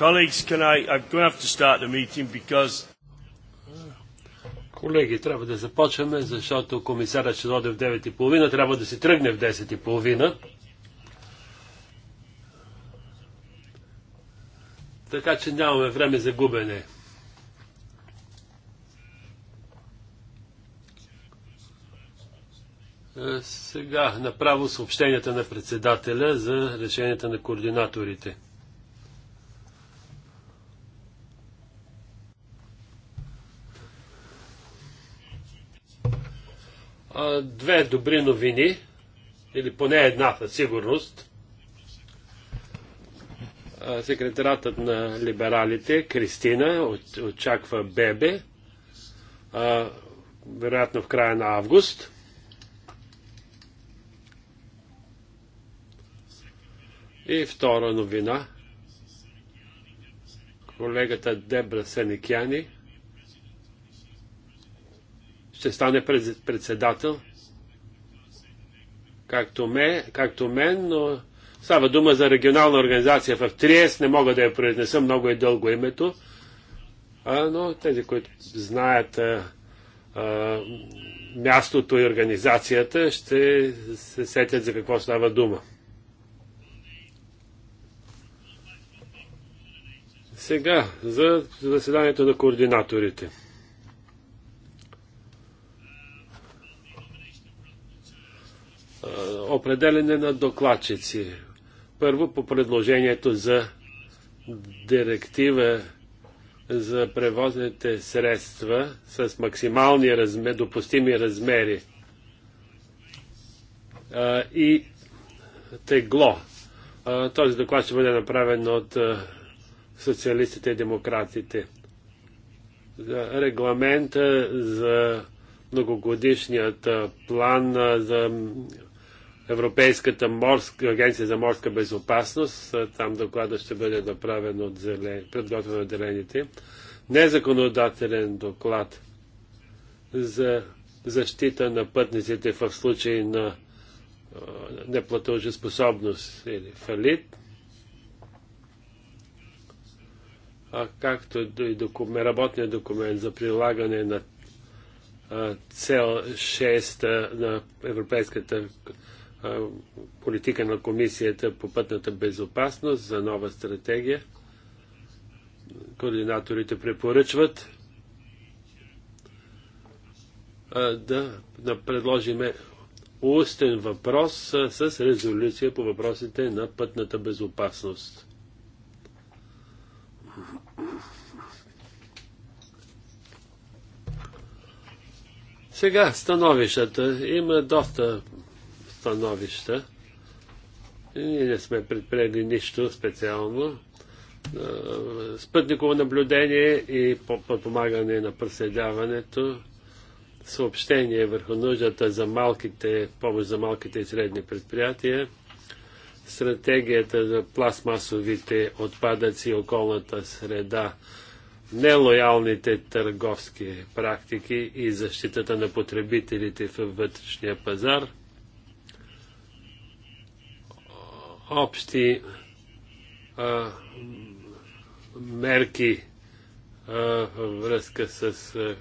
Colleagues, can I, I'm going to have to start the meeting because... Колеги, трябва да започваме, защото комисарът ще дойде в 9.30, трябва да се тръгне в 10.30. Така че нямаме време за губене. Е, сега направо съобщенията на председателя за решенията на координаторите. две добри новини, или поне една със сигурност. Секретаратът на либералите, Кристина, очаква бебе, вероятно в края на август. И втора новина. Колегата Дебра Сеникяни ще стане председател, както, ме, както мен, но става дума за регионална организация в Триес, не мога да я произнеса, много е дълго името, а, но тези, които знаят а, а, мястото и организацията, ще се сетят за какво става дума. Сега за заседанието на координаторите. Е, определене на докладчици. Първо по предложението за директива за превозните средства с максимални размер, допустими размери а, и тегло. А, този доклад ще бъде направен от а, социалистите и демократите. За регламента за многогодишният план за Европейската морска, агенция за морска безопасност. Там доклада ще бъде направен от зелен, предготвен от зелените. Незаконодателен доклад за защита на пътниците в случай на неплатежеспособност или фалит. А както и документ, работният документ за прилагане на цел 6 на Европейската политика на комисията по пътната безопасност за нова стратегия. Координаторите препоръчват да предложиме устен въпрос с резолюция по въпросите на пътната безопасност. Сега становищата има доста становища. И ние не сме предприели нищо специално. Спътниково наблюдение и подпомагане на проследяването, съобщение върху нуждата за малките, помощ за малките и средни предприятия, стратегията за пластмасовите отпадъци и околната среда, нелоялните търговски практики и защитата на потребителите в вътрешния пазар – общи а, мерки а, във връзка с а,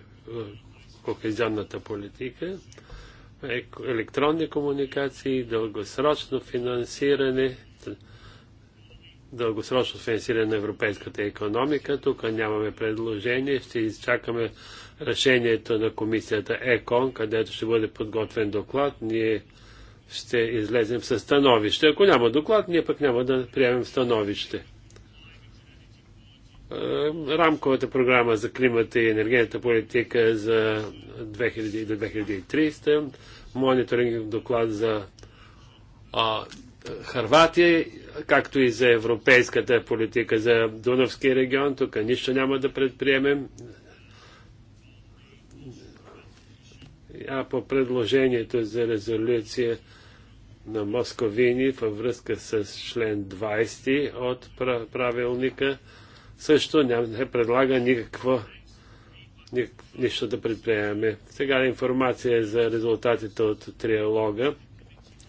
кохезионната политика, е, електронни комуникации, дългосрочно финансиране, дългосрочно финансиране на европейската економика. Тук нямаме предложение, ще изчакаме решението на комисията ЕКОН, където ще бъде подготвен доклад. Ние ще излезем с становище. Ако няма доклад, ние пък няма да приемем становище. Е, рамковата програма за климата и енергийната политика за 2000 мониторинг доклад за а, Харватия, както и за европейската политика за Дунавския регион. Тук нищо няма да предприемем. А по предложението за резолюция на Московини във връзка с член 20 от правилника също не се предлага никакво ни, нищо да предприемаме. Сега информация за резултатите от триалога.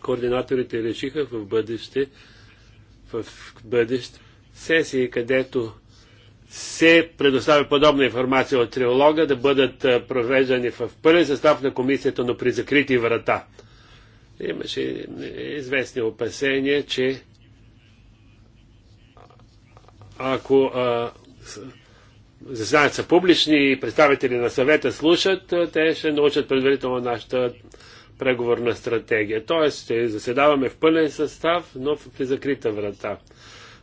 Координаторите решиха в бъдеще, в бъдеще сесии, където се предоставя подобна информация от триолога да бъдат провеждани в пълен състав на комисията, но при закрити врата. Имаше известни опасения, че ако а, заседанията са публични и представители на съвета слушат, те ще научат предварително нашата преговорна стратегия. Тоест, ще заседаваме в пълен състав, но при закрита врата.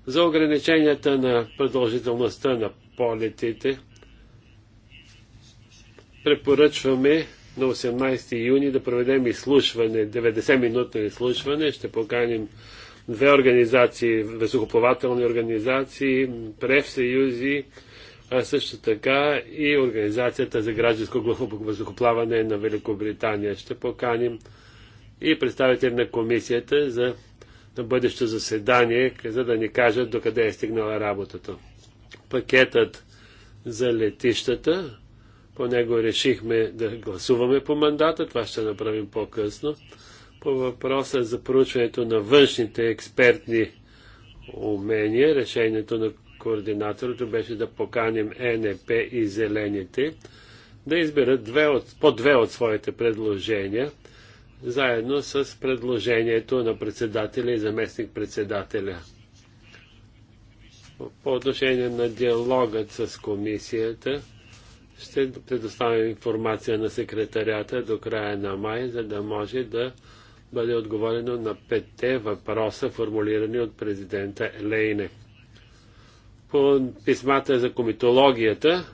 За ограниченията на продължителността на полетите препоръчваме на 18 юни да проведем изслушване, 90-минутно изслушване. Ще поканим две организации, въздухоплавателни организации, префсъюзи, а също така и Организацията за гражданско въздухоплаване на Великобритания. Ще поканим и представители на комисията за на бъдещо заседание, за да ни кажат докъде е стигнала работата. Пакетът за летищата по него решихме да гласуваме по мандата, това ще направим по-късно. По въпроса за проучването на външните експертни умения, решението на координаторите беше да поканим НП и Зелените да изберат две от, по две от своите предложения, заедно с предложението на председателя и заместник-председателя. По отношение на диалогът с комисията, ще предоставим информация на секретарията до края на май, за да може да бъде отговорено на петте въпроса, формулирани от президента Лейне. По писмата за комитологията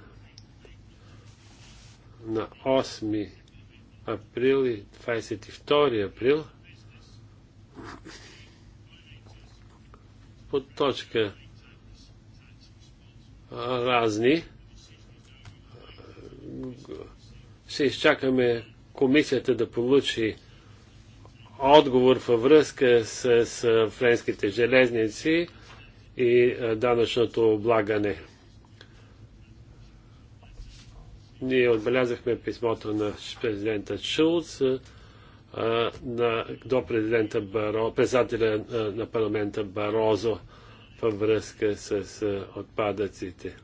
на 8 април и 22 април по точка разни ще изчакаме комисията да получи отговор във връзка с, с френските железници и данъчното облагане. Ние отбелязахме писмото на президента Шулц на, до президента Баро, председателя на парламента Барозо във връзка с отпадъците.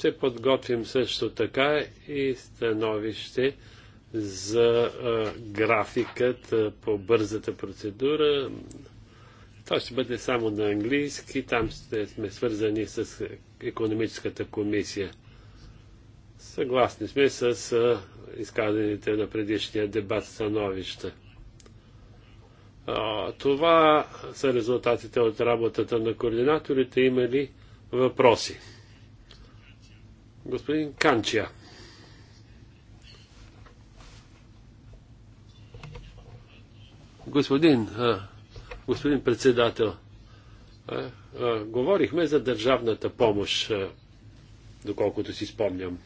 Ще подготвим също така и становище за а, графикът а, по бързата процедура. Това ще бъде само на английски. Там ще сме свързани с економическата комисия. Съгласни сме с а, изказаните на предишния дебат становища. А, това са резултатите от работата на координаторите. Има ли въпроси? Господин Канчия. Господин, а, господин председател, а, а, говорихме за държавната помощ, а, доколкото си спомням.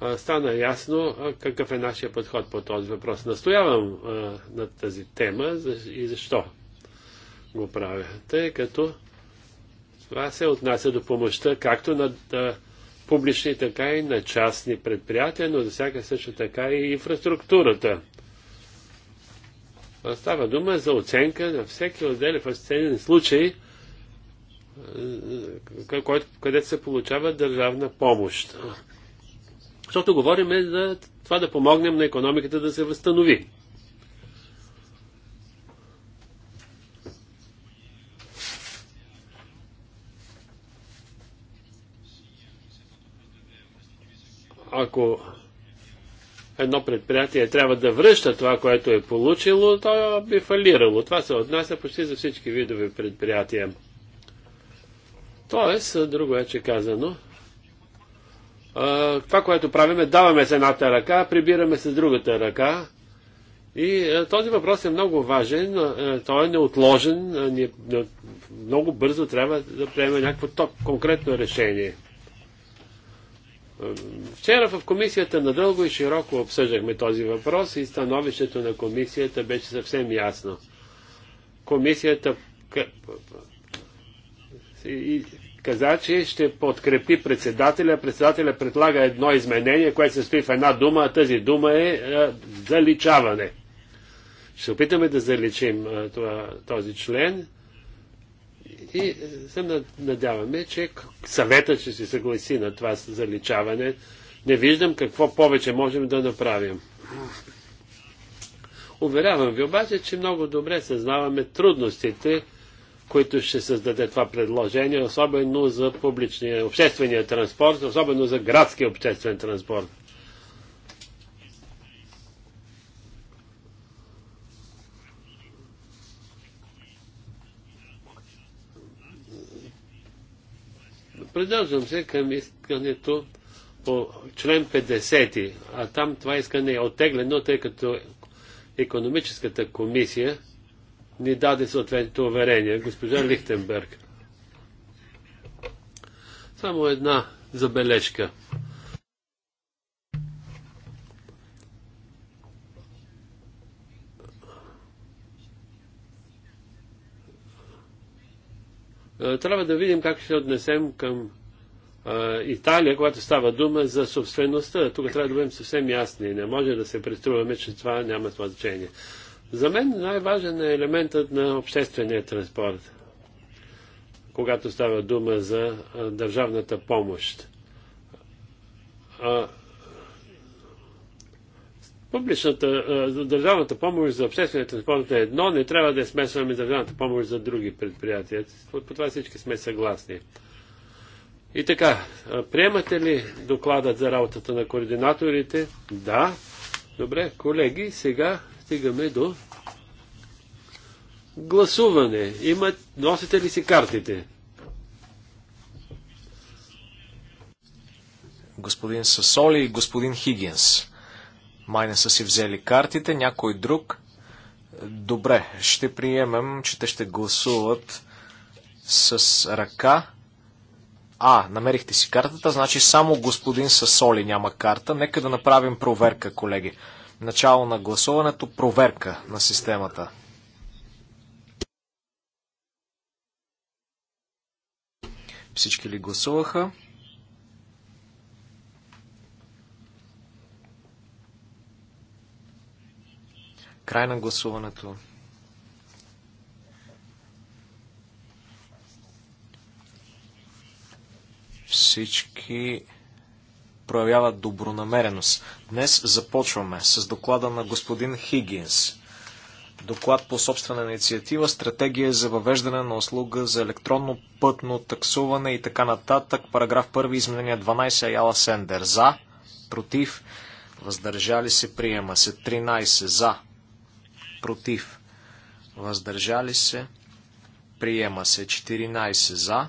А, стана ясно а, какъв е нашия подход по този въпрос. Настоявам а, на тази тема и защо го правя. Тъй като това се отнася до помощта както на публични, така и на частни предприятия, но за всяка също така и инфраструктурата. Става дума за оценка на всеки отделен фасцинен случай, където се получава държавна помощ. Защото говорим за това да помогнем на економиката да се възстанови. ако едно предприятие трябва да връща това, което е получило, то би фалирало. Това се отнася почти за всички видове предприятия. Тоест, друго е, че казано, това, което правиме, даваме с едната ръка, прибираме с другата ръка. И този въпрос е много важен, той е неотложен, много бързо трябва да приемем някакво конкретно решение. Вчера в комисията надълго и широко обсъждахме този въпрос и становището на комисията беше съвсем ясно. Комисията каза, че ще подкрепи председателя. Председателя предлага едно изменение, което се стои в една дума, а тази дума е, е заличаване. Ще опитаме да заличим е, този член и е, се надяваме, че съветът ще се съгласи на това заличаване. Не виждам какво повече можем да направим. Уверявам ви обаче, че много добре съзнаваме трудностите, които ще създаде това предложение, особено за публичния, обществения транспорт, особено за градския обществен транспорт. Придържам се към искането по член 50, а там това искане е отеглено, тъй като економическата комисия ни даде съответното уверение. Госпожа Лихтенберг. Само една забележка. Е, трябва да видим как ще отнесем към е, Италия, когато става дума за собствеността. Тук трябва да бъдем съвсем ясни. Не може да се преструваме, че това няма това значение. За мен най-важен е елементът на обществения транспорт, когато става дума за е, държавната помощ. Публичната, държавната помощ за обществения транспорт е едно, не трябва да смесваме държавната помощ за други предприятия. По, по това всички сме съгласни. И така, приемате ли докладът за работата на координаторите? Да. Добре, колеги, сега стигаме до гласуване. Имат, носите ли си картите? Господин Сасоли и господин Хигинс. Май не са си взели картите, някой друг. Добре, ще приемем, че те ще гласуват с ръка. А, намерихте си картата, значи само господин Сасоли няма карта. Нека да направим проверка, колеги. Начало на гласуването, проверка на системата. Всички ли гласуваха? Край на гласуването. Всички проявяват добронамереност. Днес започваме с доклада на господин Хигинс. Доклад по собствена инициатива, стратегия за въвеждане на услуга за електронно пътно таксуване и така нататък. Параграф 1, изменение 12, Аяла Сендер. За, против, въздържали се, приема се. 13, за, против, въздържали се, приема се 14 за,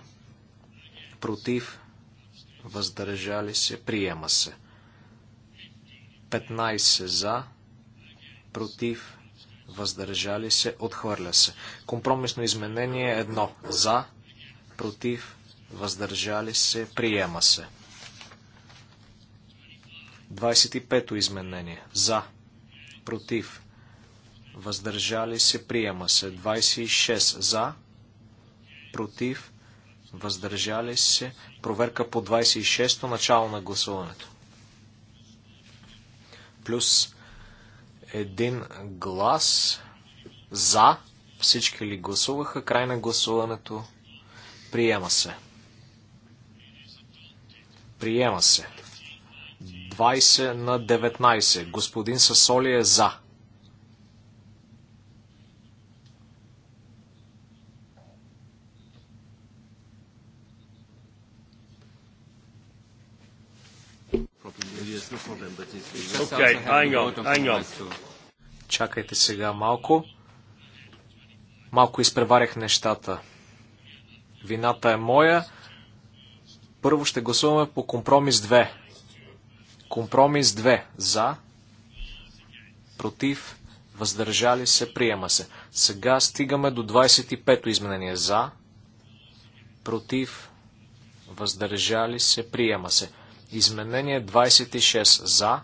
против, въздържали се, приема се 15 за, против, въздържали се, отхвърля се. Компромисно изменение 1 за, против, въздържали се, приема се. 25-то изменение. За. Против въздържали се, приема се. 26 за, против, въздържали се. Проверка по 26-то, начало на гласуването. Плюс един глас за, всички ли гласуваха, край на гласуването, приема се. Приема се. 20 на 19. Господин Сасоли е за. hang on. Чакайте сега малко. Малко изпреварях нещата. Вината е моя. Първо ще гласуваме по компромис 2. Компромис 2. За. Против. Въздържали се. Приема се. Сега стигаме до 25-то изменение. За. Против. Въздържали се. Приема се. Изменение 26 за,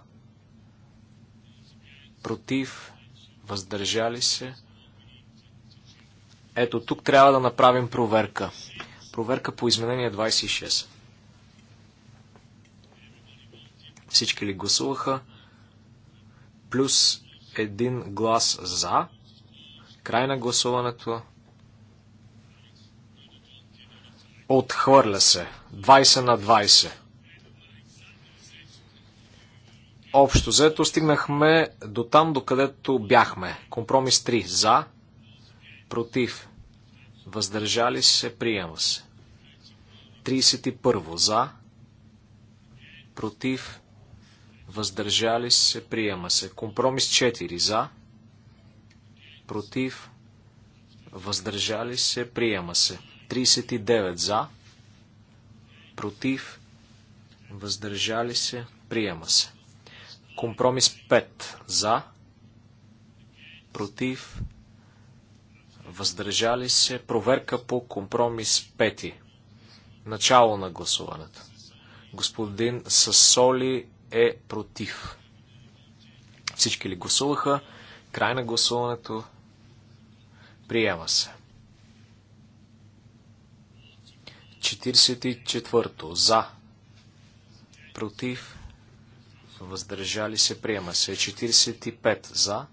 против, въздържали се. Ето тук трябва да направим проверка. Проверка по изменение 26. Всички ли гласуваха? Плюс един глас за. Край на гласуването. Отхвърля се. 20 на 20. Общо заето стигнахме до там, докъдето бяхме. Компромис 3. За, против, въздържали се, приема се. 31. За, против, въздържали се, приема се. Компромис 4. За, против, въздържали се, приема се. 39. За, против, въздържали се, приема се. Компромис 5 за, против, въздържали се. Проверка по компромис 5. Начало на гласуването. Господин Сасоли е против. Всички ли гласуваха? Край на гласуването. Приема се. 44. За. Против въздържали се, приема се. 45 за,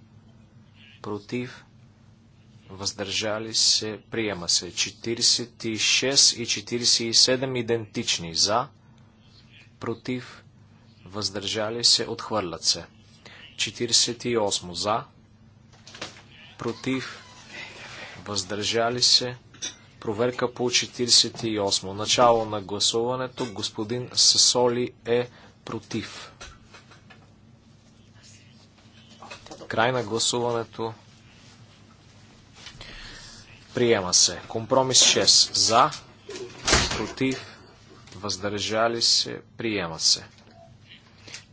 против, въздържали се, приема се. 46 и 47 идентични за, против, въздържали се, отхвърлят се. 48 за, против, въздържали се. Проверка по 48. Начало на гласуването. Господин Сасоли е против. Край на гласуването. Приема се. Компромис 6. За. Против. Въздържали се. Приема се.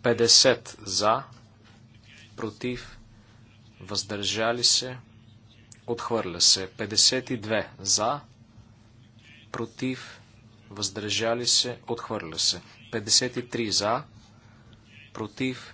50 за. Против. Въздържали се. Отхвърля се. 52 за. Против. Въздържали се. Отхвърля се. 53 за. Против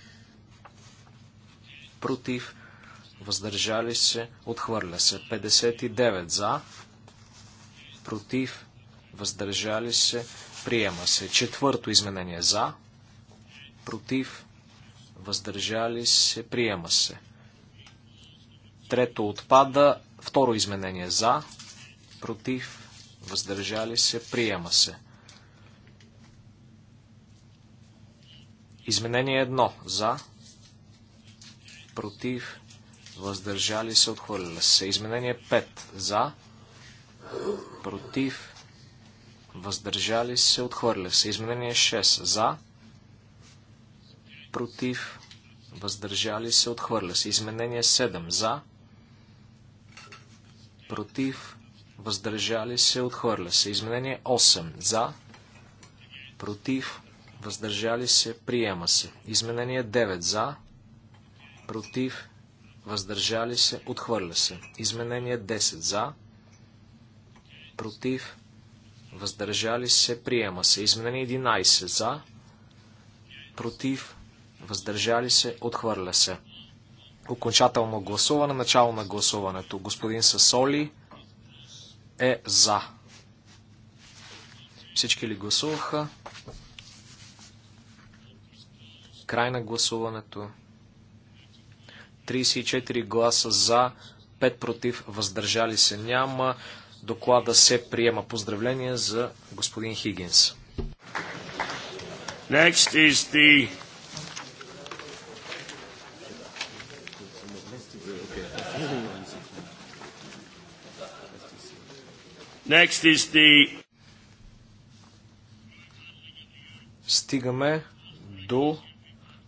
против, въздържали се, отхвърля се. 59 за, против, въздържали се, приема се. Четвърто изменение за, против, въздържали се, приема се. Трето отпада, второ изменение за, против, въздържали се, приема се. Изменение едно за, против, въздържали се, отхвърля се. Изменение 5 за, против, въздържали се, отхвърля се. Изменение 6 за, против, въздържали се, отхвърля се. Изменение 7 за, против, въздържали се, отхвърля се. Изменение 8 за, против, въздържали се, приема се. Изменение 9 за, против, против, въздържали се, отхвърля се. Изменение 10 за, против, въздържали се, приема се. Изменение 11 за, против, въздържали се, отхвърля се. Окончателно гласуване, начало на гласуването. Господин Сасоли е за. Всички ли гласуваха? Край на гласуването. 34 гласа за, 5 против, въздържали се няма. Доклада се приема. Поздравление за господин Хигинс. Next is the Next is the Стигаме до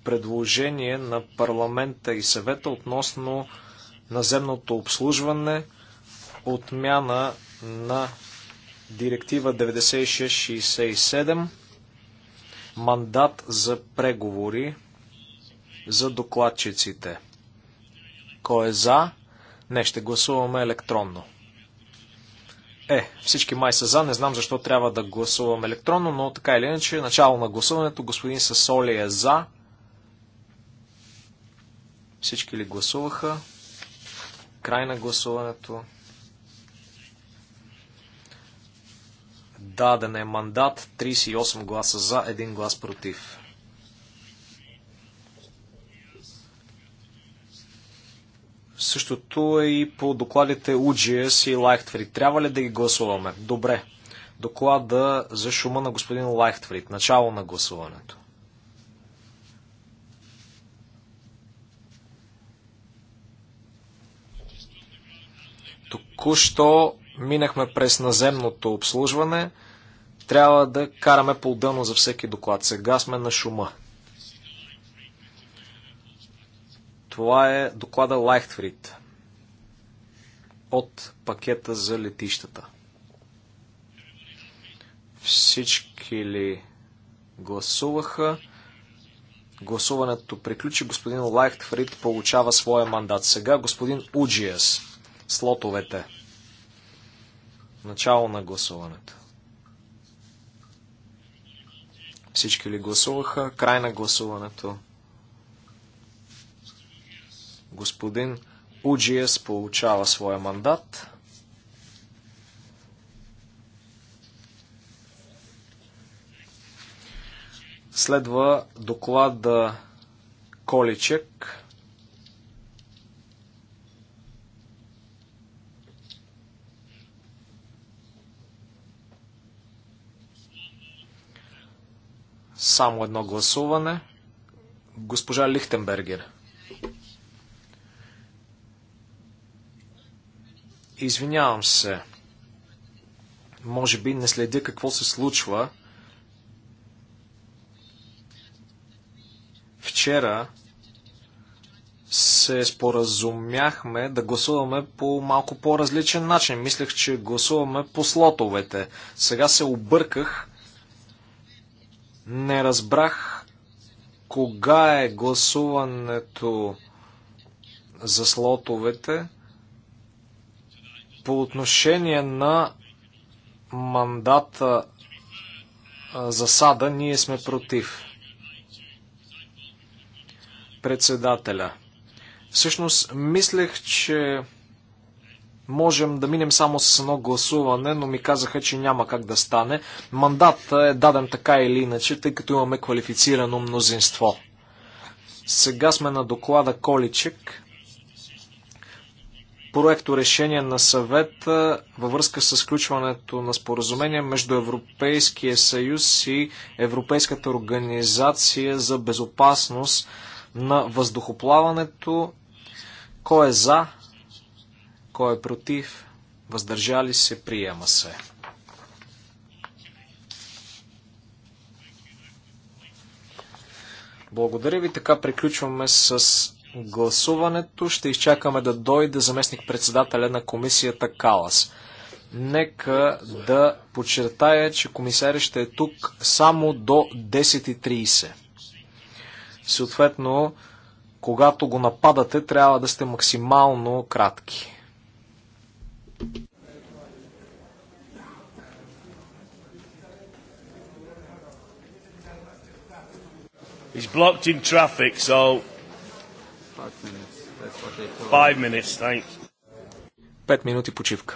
предложение на парламента и съвета относно наземното обслужване, отмяна на директива 9667, мандат за преговори за докладчиците. Кой е за? Не, ще гласуваме електронно. Е, всички май са за, не знам защо трябва да гласувам електронно, но така или иначе, начало на гласуването, господин Сасоли е за, всички ли гласуваха? Край на гласуването. Даден е мандат 38 гласа за, 1 глас против. Същото е и по докладите UGS и Lightfried. Трябва ли да ги гласуваме? Добре. Доклада за шума на господин Лайхтфрид. Начало на гласуването. Току-що минахме през наземното обслужване. Трябва да караме по-отделно за всеки доклад. Сега сме на шума. Това е доклада Лайхтфрид от пакета за летищата. Всички ли гласуваха? Гласуването приключи. Господин Лайхтфрид получава своя мандат. Сега господин Уджиас слотовете. Начало на гласуването. Всички ли гласуваха? Край на гласуването. Господин Уджиес получава своя мандат. Следва доклада Количек. Само едно гласуване. Госпожа Лихтенбергер. Извинявам се. Може би не следя какво се случва. Вчера се споразумяхме да гласуваме по малко по-различен начин. Мислех, че гласуваме по слотовете. Сега се обърках не разбрах кога е гласуването за слотовете по отношение на мандата за сада, ние сме против. Председателя. Всъщност, мислех, че можем да минем само с едно гласуване, но ми казаха, че няма как да стане. Мандат е даден така или иначе, тъй като имаме квалифицирано мнозинство. Сега сме на доклада Количек. Проекто решение на съвета във връзка с включването на споразумение между Европейския съюз и Европейската организация за безопасност на въздухоплаването. Кой е за? Кой е против? Въздържали се? Приема се. Благодаря ви. Така приключваме с гласуването. Ще изчакаме да дойде заместник председателя на комисията Калас. Нека да подчертая, че комисаря ще е тук само до 10.30. Съответно, когато го нападате, трябва да сте максимално кратки. He's blocked in traffic, so... Five minutes, Five minutes thanks. Пет минути почивка.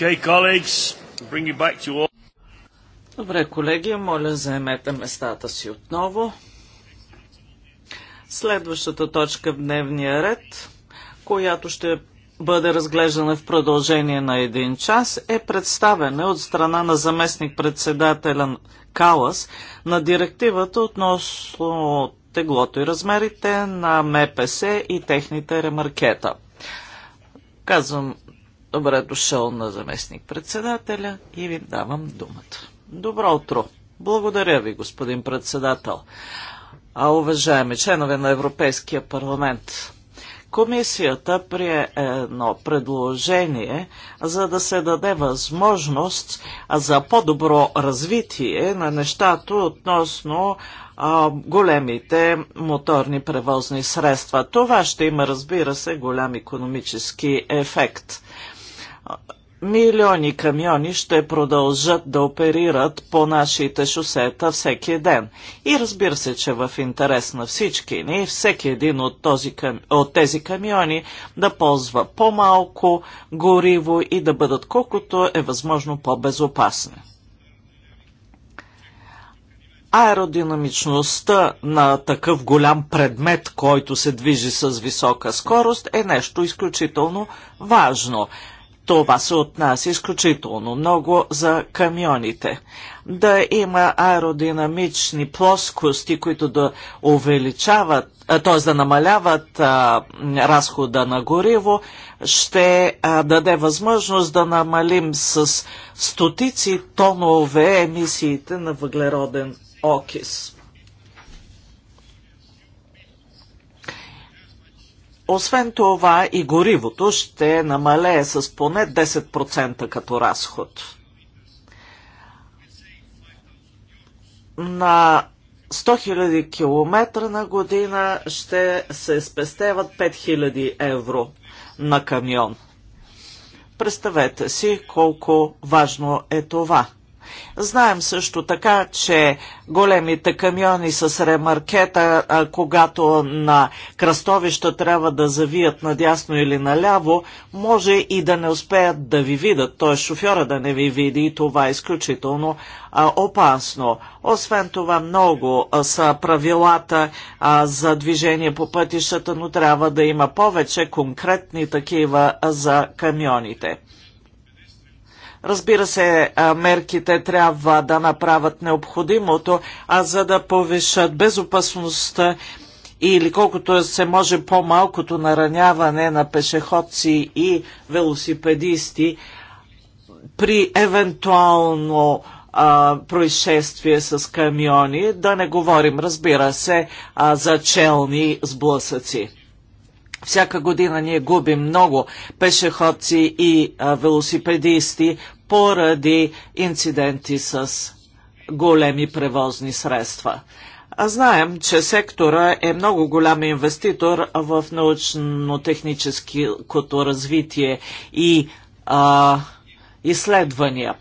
Okay, colleagues, bring you back to all. Добре, колеги, моля заемете местата си отново. Следващата точка в дневния ред, която ще бъде разглеждана в продължение на един час, е представене от страна на заместник-председателя Калас на директивата относно теглото и размерите на МПС и техните ремаркета. Казвам Добре дошъл на заместник председателя и ви давам думата. Добро утро! Благодаря ви, господин председател. А уважаеми членове на Европейския парламент, Комисията прие едно предложение, за да се даде възможност за по-добро развитие на нещата относно големите моторни превозни средства. Това ще има, разбира се, голям економически ефект милиони камиони ще продължат да оперират по нашите шосета всеки ден. И разбира се, че в интерес на всички ни, всеки един от, този, от тези камиони да ползва по-малко гориво и да бъдат колкото е възможно по-безопасни. Аеродинамичността на такъв голям предмет, който се движи с висока скорост, е нещо изключително важно. Това се отнася изключително много за камионите. Да има аеродинамични плоскости, които да увеличават, т.е. да намаляват а, разхода на гориво, ще а, даде възможност да намалим с стотици тонове емисиите на въглероден окис. Освен това и горивото ще намалее с поне 10% като разход. На 100 000 км на година ще се спестеват 5000 евро на камион. Представете си колко важно е това – Знаем също така, че големите камиони с ремаркета, когато на кръстовища трябва да завият надясно или наляво, може и да не успеят да ви видят, т.е. шофьора да не ви види и това е изключително опасно. Освен това много са правилата за движение по пътищата, но трябва да има повече конкретни такива за камионите. Разбира се, мерките трябва да направят необходимото, а за да повишат безопасността или колкото се може по-малкото нараняване на пешеходци и велосипедисти при евентуално а, происшествие с камиони, да не говорим, разбира се, а, за челни сблъсъци. Всяка година ние губим много пешеходци и а, велосипедисти поради инциденти с големи превозни средства. А знаем, че сектора е много голям инвеститор в научно-техническото развитие и а, изследвания.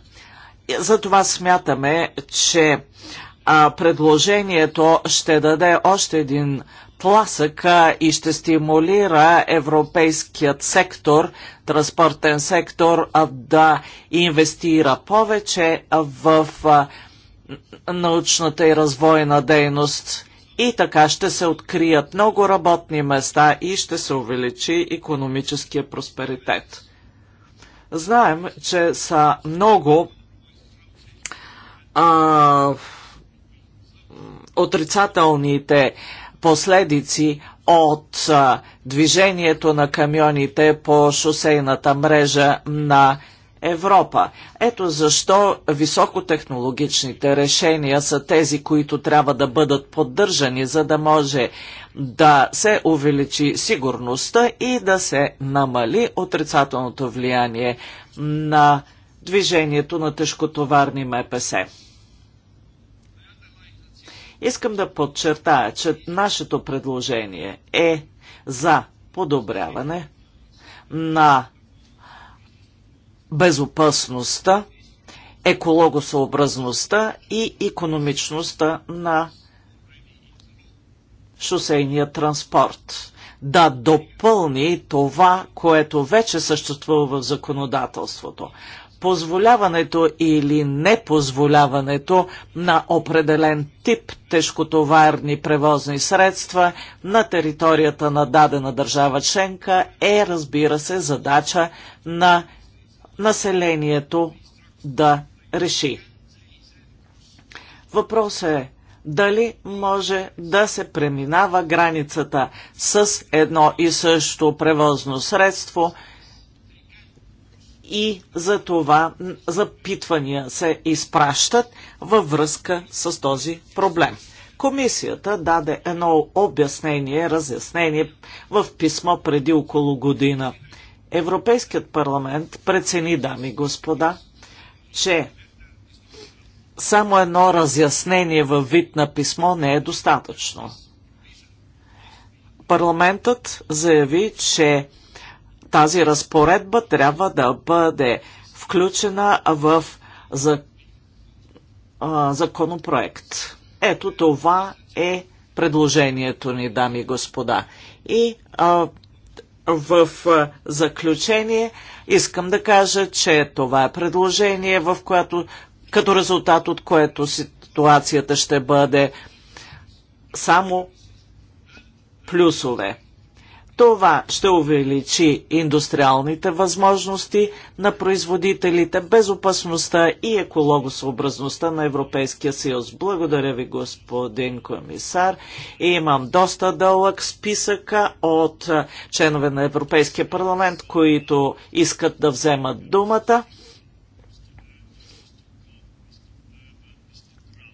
Затова смятаме, че а, предложението ще даде още един тласъка и ще стимулира европейският сектор, транспортен сектор, да инвестира повече в научната и развойна дейност. И така ще се открият много работни места и ще се увеличи економическия просперитет. Знаем, че са много а, отрицателните а, последици от движението на камионите по шосейната мрежа на Европа. Ето защо високотехнологичните решения са тези, които трябва да бъдат поддържани, за да може да се увеличи сигурността и да се намали отрицателното влияние на движението на тежкотоварни МПС. Искам да подчертая, че нашето предложение е за подобряване на безопасността, екологосъобразността и економичността на шосейния транспорт. Да допълни това, което вече съществува в законодателството позволяването или непозволяването на определен тип тежкотоварни превозни средства на територията на дадена държава членка е, разбира се, задача на населението да реши. Въпрос е дали може да се преминава границата с едно и също превозно средство – и за това запитвания се изпращат във връзка с този проблем. Комисията даде едно обяснение, разяснение в писмо преди около година. Европейският парламент прецени, дами и господа, че само едно разяснение във вид на писмо не е достатъчно. Парламентът заяви, че тази разпоредба трябва да бъде включена в за, а, законопроект. Ето това е предложението ни, дами и господа. И а, в а, заключение искам да кажа, че това е предложение, в което, като резултат от което ситуацията ще бъде само плюсове. Това ще увеличи индустриалните възможности на производителите, безопасността и екологосъобразността на Европейския съюз. Благодаря ви, господин комисар. И имам доста дълъг списъка от членове на Европейския парламент, които искат да вземат думата.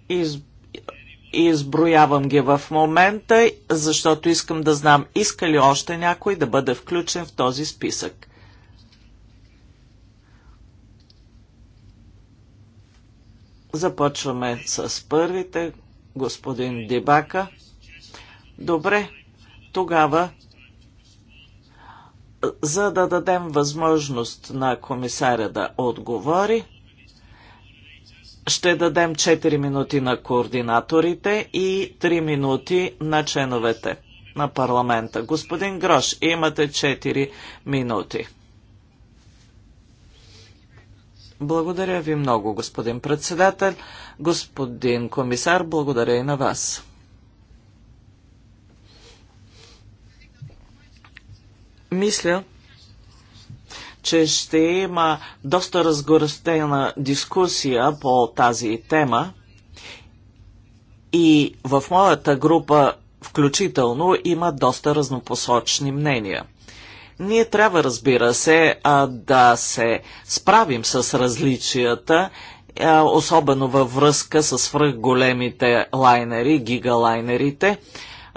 Изб изброявам ги в момента, защото искам да знам иска ли още някой да бъде включен в този списък. Започваме с първите, господин Дебака. Добре, тогава, за да дадем възможност на комисаря да отговори, ще дадем 4 минути на координаторите и 3 минути на членовете на парламента. Господин Грош, имате 4 минути. Благодаря ви много, господин председател. Господин комисар, благодаря и на вас. Мисля, че ще има доста разгорастена дискусия по тази тема и в моята група включително има доста разнопосочни мнения. Ние трябва, разбира се, да се справим с различията, особено във връзка с свръхголемите лайнери, гигалайнерите,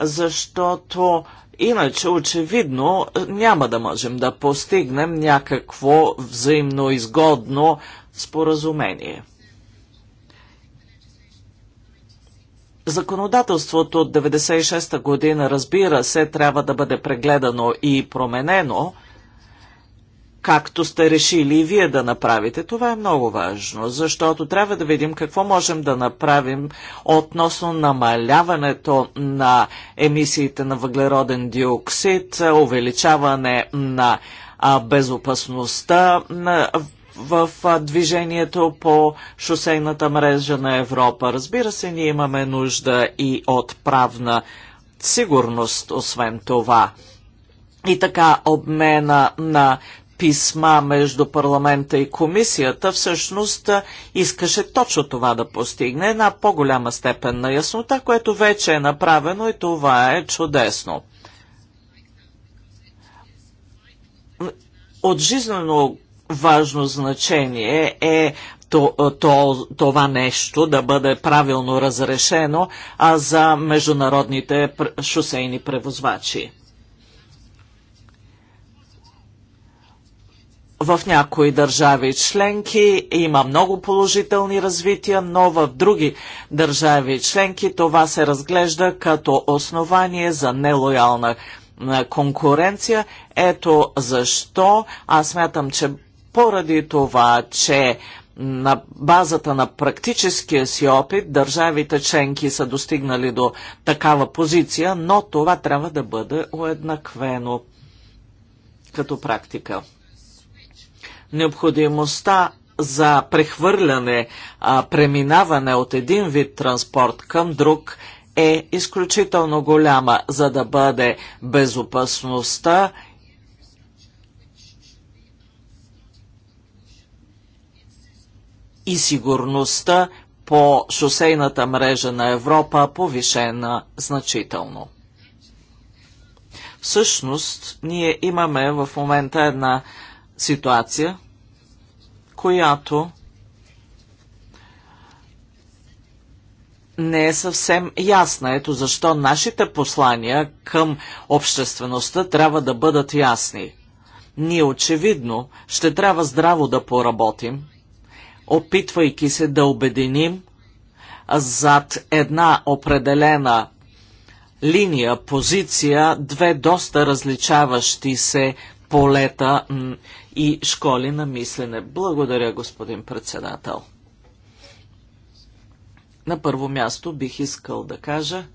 защото Иначе, очевидно, няма да можем да постигнем някакво взаимно изгодно споразумение. Законодателството от 1996 година, разбира се, трябва да бъде прегледано и променено – както сте решили и вие да направите. Това е много важно, защото трябва да видим какво можем да направим относно намаляването на емисиите на въглероден диоксид, увеличаване на безопасността на в движението по шосейната мрежа на Европа. Разбира се, ние имаме нужда и от правна сигурност, освен това. И така обмена на писма между парламента и комисията, всъщност искаше точно това да постигне една по-голяма степен на яснота, което вече е направено и това е чудесно. От жизнено важно значение е то, то, това нещо да бъде правилно разрешено а за международните шосейни превозвачи. в някои държави членки има много положителни развития, но в други държави членки това се разглежда като основание за нелоялна конкуренция. Ето защо аз смятам, че поради това, че на базата на практическия си опит държавите членки са достигнали до такава позиция, но това трябва да бъде уеднаквено като практика необходимостта за прехвърляне, а, преминаване от един вид транспорт към друг е изключително голяма, за да бъде безопасността и сигурността по шосейната мрежа на Европа повишена значително. Всъщност, ние имаме в момента една ситуация, която не е съвсем ясна. Ето защо нашите послания към обществеността трябва да бъдат ясни. Ние очевидно ще трябва здраво да поработим, опитвайки се да обединим зад една определена линия, позиция, две доста различаващи се полета и школи на мислене. Благодаря, господин председател. На първо място бих искал да кажа,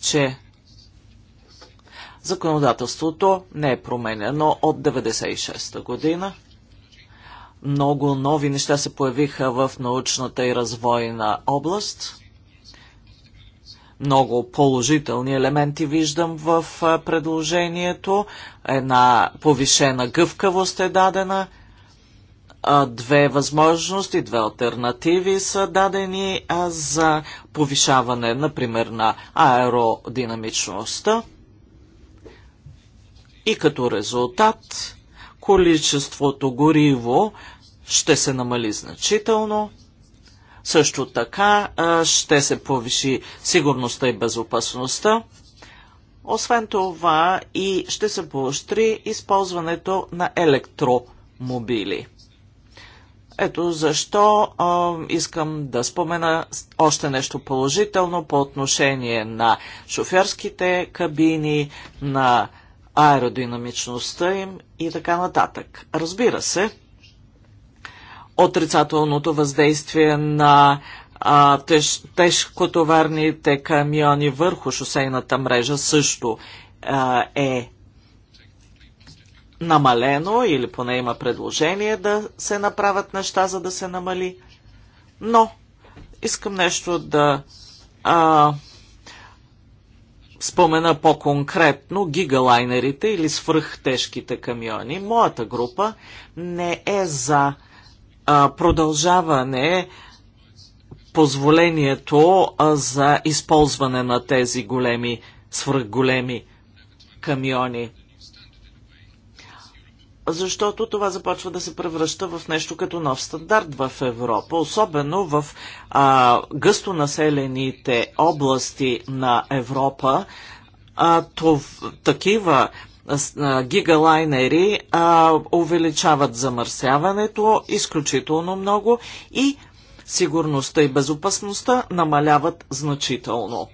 че законодателството не е променено от 96-та година. Много нови неща се появиха в научната и развойна област много положителни елементи виждам в предложението. Една повишена гъвкавост е дадена. Две възможности, две альтернативи са дадени за повишаване, например, на аеродинамичността. И като резултат количеството гориво ще се намали значително – също така ще се повиши сигурността и безопасността. Освен това и ще се поощри използването на електромобили. Ето защо а, искам да спомена още нещо положително по отношение на шофьорските кабини, на аеродинамичността им и така нататък. Разбира се, отрицателното въздействие на а, теж, тежкотоварните камиони върху шосейната мрежа също а, е намалено или поне има предложение да се направят неща, за да се намали. Но искам нещо да а, спомена по-конкретно гигалайнерите или свръхтежките камиони. Моята група не е за а, продължаване позволението а, за използване на тези големи, свръхголеми камиони. Защото това започва да се превръща в нещо като нов стандарт в Европа, особено в а, гъстонаселените области на Европа, а, то, такива гигалайнери а, увеличават замърсяването изключително много и сигурността и безопасността намаляват значително.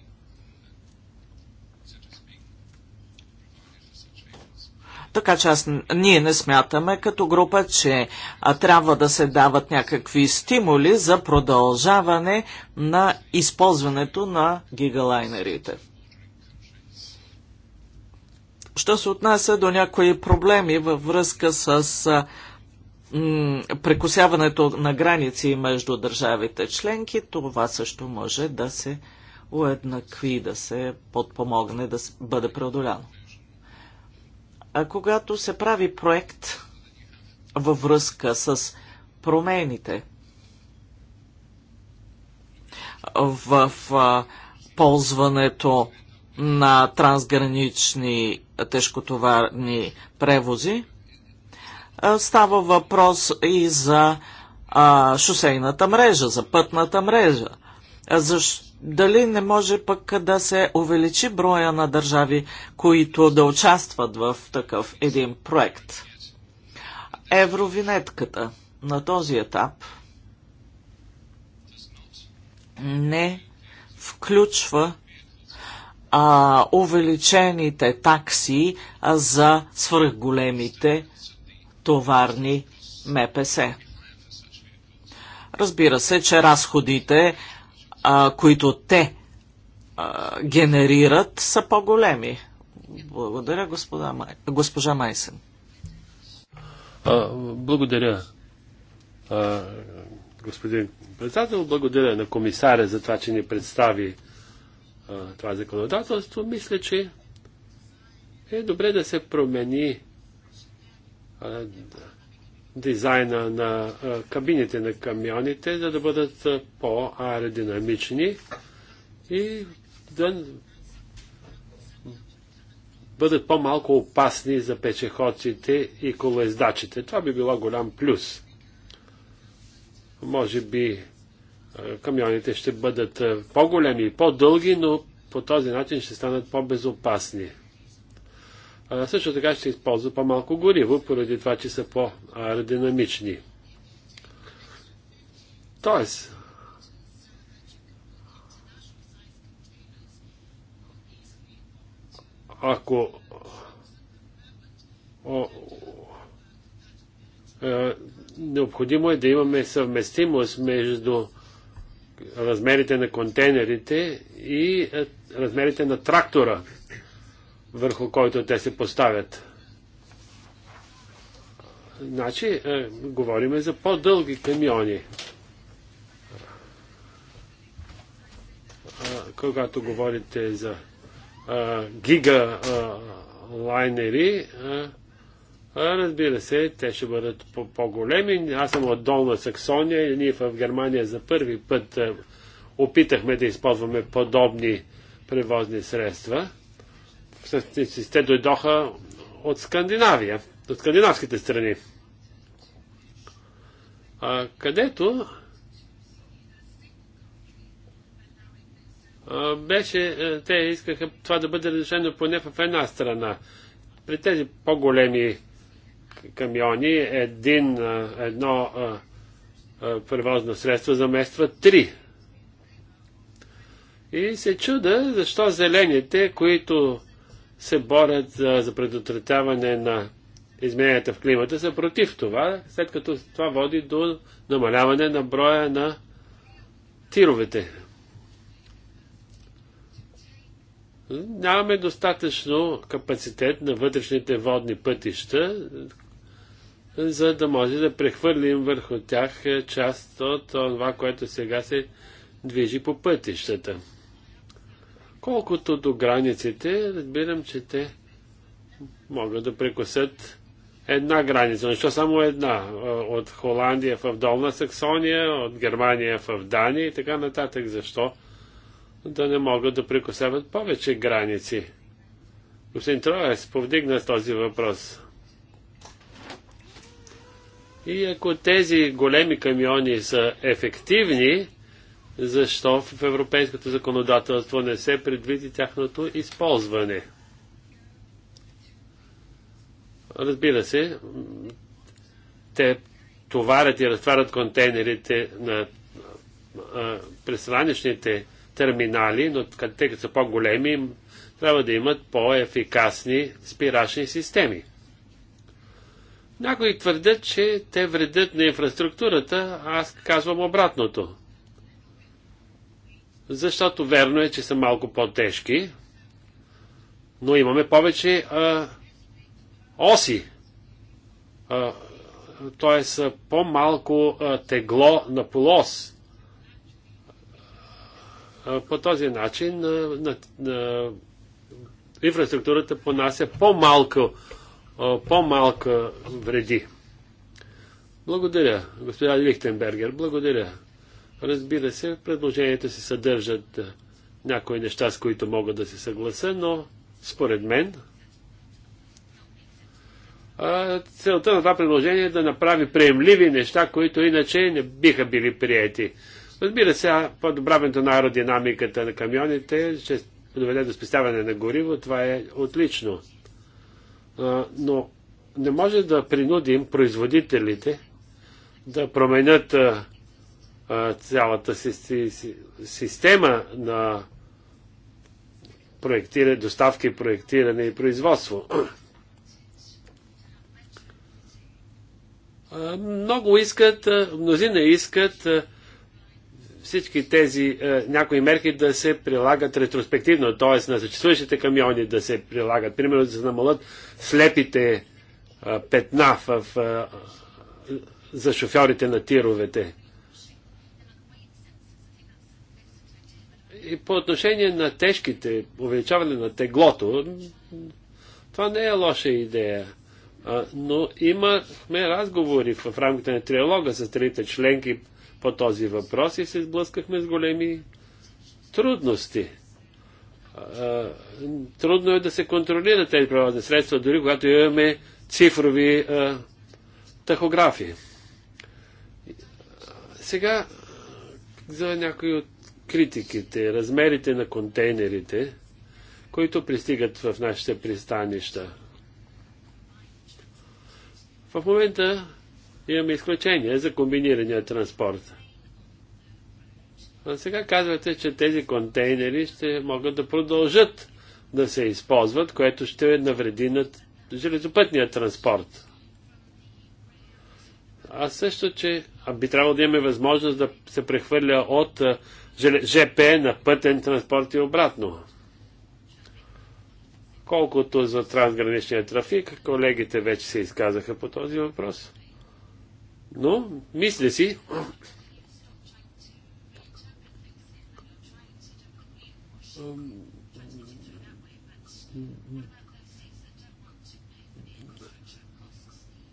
Така че аз, ние не смятаме като група, че а, трябва да се дават някакви стимули за продължаване на използването на гигалайнерите. Що се отнася до някои проблеми във връзка с прекусяването на граници между държавите членки, това също може да се уеднакви, да се подпомогне, да бъде преодоляно. А когато се прави проект във връзка с промените в ползването на трансгранични тежкотоварни превози. Става въпрос и за а, шосейната мрежа, за пътната мрежа. Защо? Дали не може пък да се увеличи броя на държави, които да участват в такъв един проект? Евровинетката на този етап не включва а, увеличените такси а, за свръхголемите товарни МПС. Разбира се, че разходите, а, които те а, генерират, са по-големи. Благодаря, господа, Май... госпожа Майсен. А, благодаря, а, господин председател. Благодаря на комисаря за това, че ни представи това законодателство, мисля, че е добре да се промени а, дизайна на а, кабините на камионите, за да бъдат по-аеродинамични и да бъдат по-малко опасни за печеходците и колоездачите. Това би било голям плюс. Може би камионите ще бъдат по-големи и по-дълги, но по този начин ще станат по-безопасни. Също така ще използва по-малко гориво, поради това, че са по-аеродинамични. Тоест, ако о, о, е, необходимо е да имаме съвместимост между размерите на контейнерите и е, размерите на трактора, върху който те се поставят. Значи, е, говориме за по-дълги камиони. А, когато говорите за а, гига а, лайнери, а, а, разбира се, те ще бъдат по-големи. -по Аз съм от Долна Саксония и ние в Германия за първи път е, опитахме да използваме подобни превозни средства. Всъщност те дойдоха от Скандинавия, от скандинавските страни. А, където а, беше, е, те искаха това да бъде разрешено поне в една страна. При тези по-големи камиони един, едно превозно средство замества три. И се чуда защо зелените, които се борят за, за предотвратяване на измененията в климата, са против това, след като това води до намаляване на броя на тировете. Нямаме достатъчно капацитет на вътрешните водни пътища, за да може да прехвърлим върху тях е, част от това, което сега се движи по пътищата. Колкото до границите, разбирам, че те могат да прекусят една граница, но само една? Е, от Холандия в Долна Саксония, от Германия в Дания и така нататък. Защо? Да не могат да прекусяват повече граници. Господин Троес повдигна този въпрос. И ако тези големи камиони са ефективни, защо в европейското законодателство не се предвиди тяхното използване? Разбира се, те товарят и разтварят контейнерите на пристанищните терминали, но тъй като са по-големи, трябва да имат по-ефикасни спирачни системи. Някои твърдят, че те вредят на инфраструктурата, а аз казвам обратното. Защото верно е, че са малко по-тежки, но имаме повече а, оси. А, т.е. по-малко тегло на полос. по този начин а, на, на, инфраструктурата понася по-малко по-малка вреди. Благодаря, господин Лихтенбергер, благодаря. Разбира се, предложенията се съдържат някои неща, с които мога да се съглася, но според мен целта на това предложение е да направи приемливи неща, които иначе не биха били приети. Разбира се, подобраването на аеродинамиката на камионите ще доведе до спестяване на гориво, това е отлично но не може да принудим производителите да променят цялата система на проектиране, доставки, проектиране и производство. Много искат, мнозина искат всички тези е, някои мерки да се прилагат ретроспективно, т.е. на съществуващите камиони да се прилагат, примерно да се намалят слепите е, петна в, е, за шофьорите на тировете. И по отношение на тежките, увеличаване на теглото, това не е лоша идея. но имахме разговори в, в рамките на триалога с трите членки по този въпрос и се сблъскахме с големи трудности. Трудно е да се контролират тези превозни средства, дори когато имаме цифрови тахографи. Сега за някои от критиките, размерите на контейнерите, които пристигат в нашите пристанища. В момента Имаме изключение за комбинирания транспорт. А сега казвате, че тези контейнери ще могат да продължат да се използват, което ще навреди на железопътния транспорт. А също, че би трябвало да имаме възможност да се прехвърля от ЖП на пътен транспорт и обратно. Колкото за трансграничния трафик, колегите вече се изказаха по този въпрос. Но, мисля си,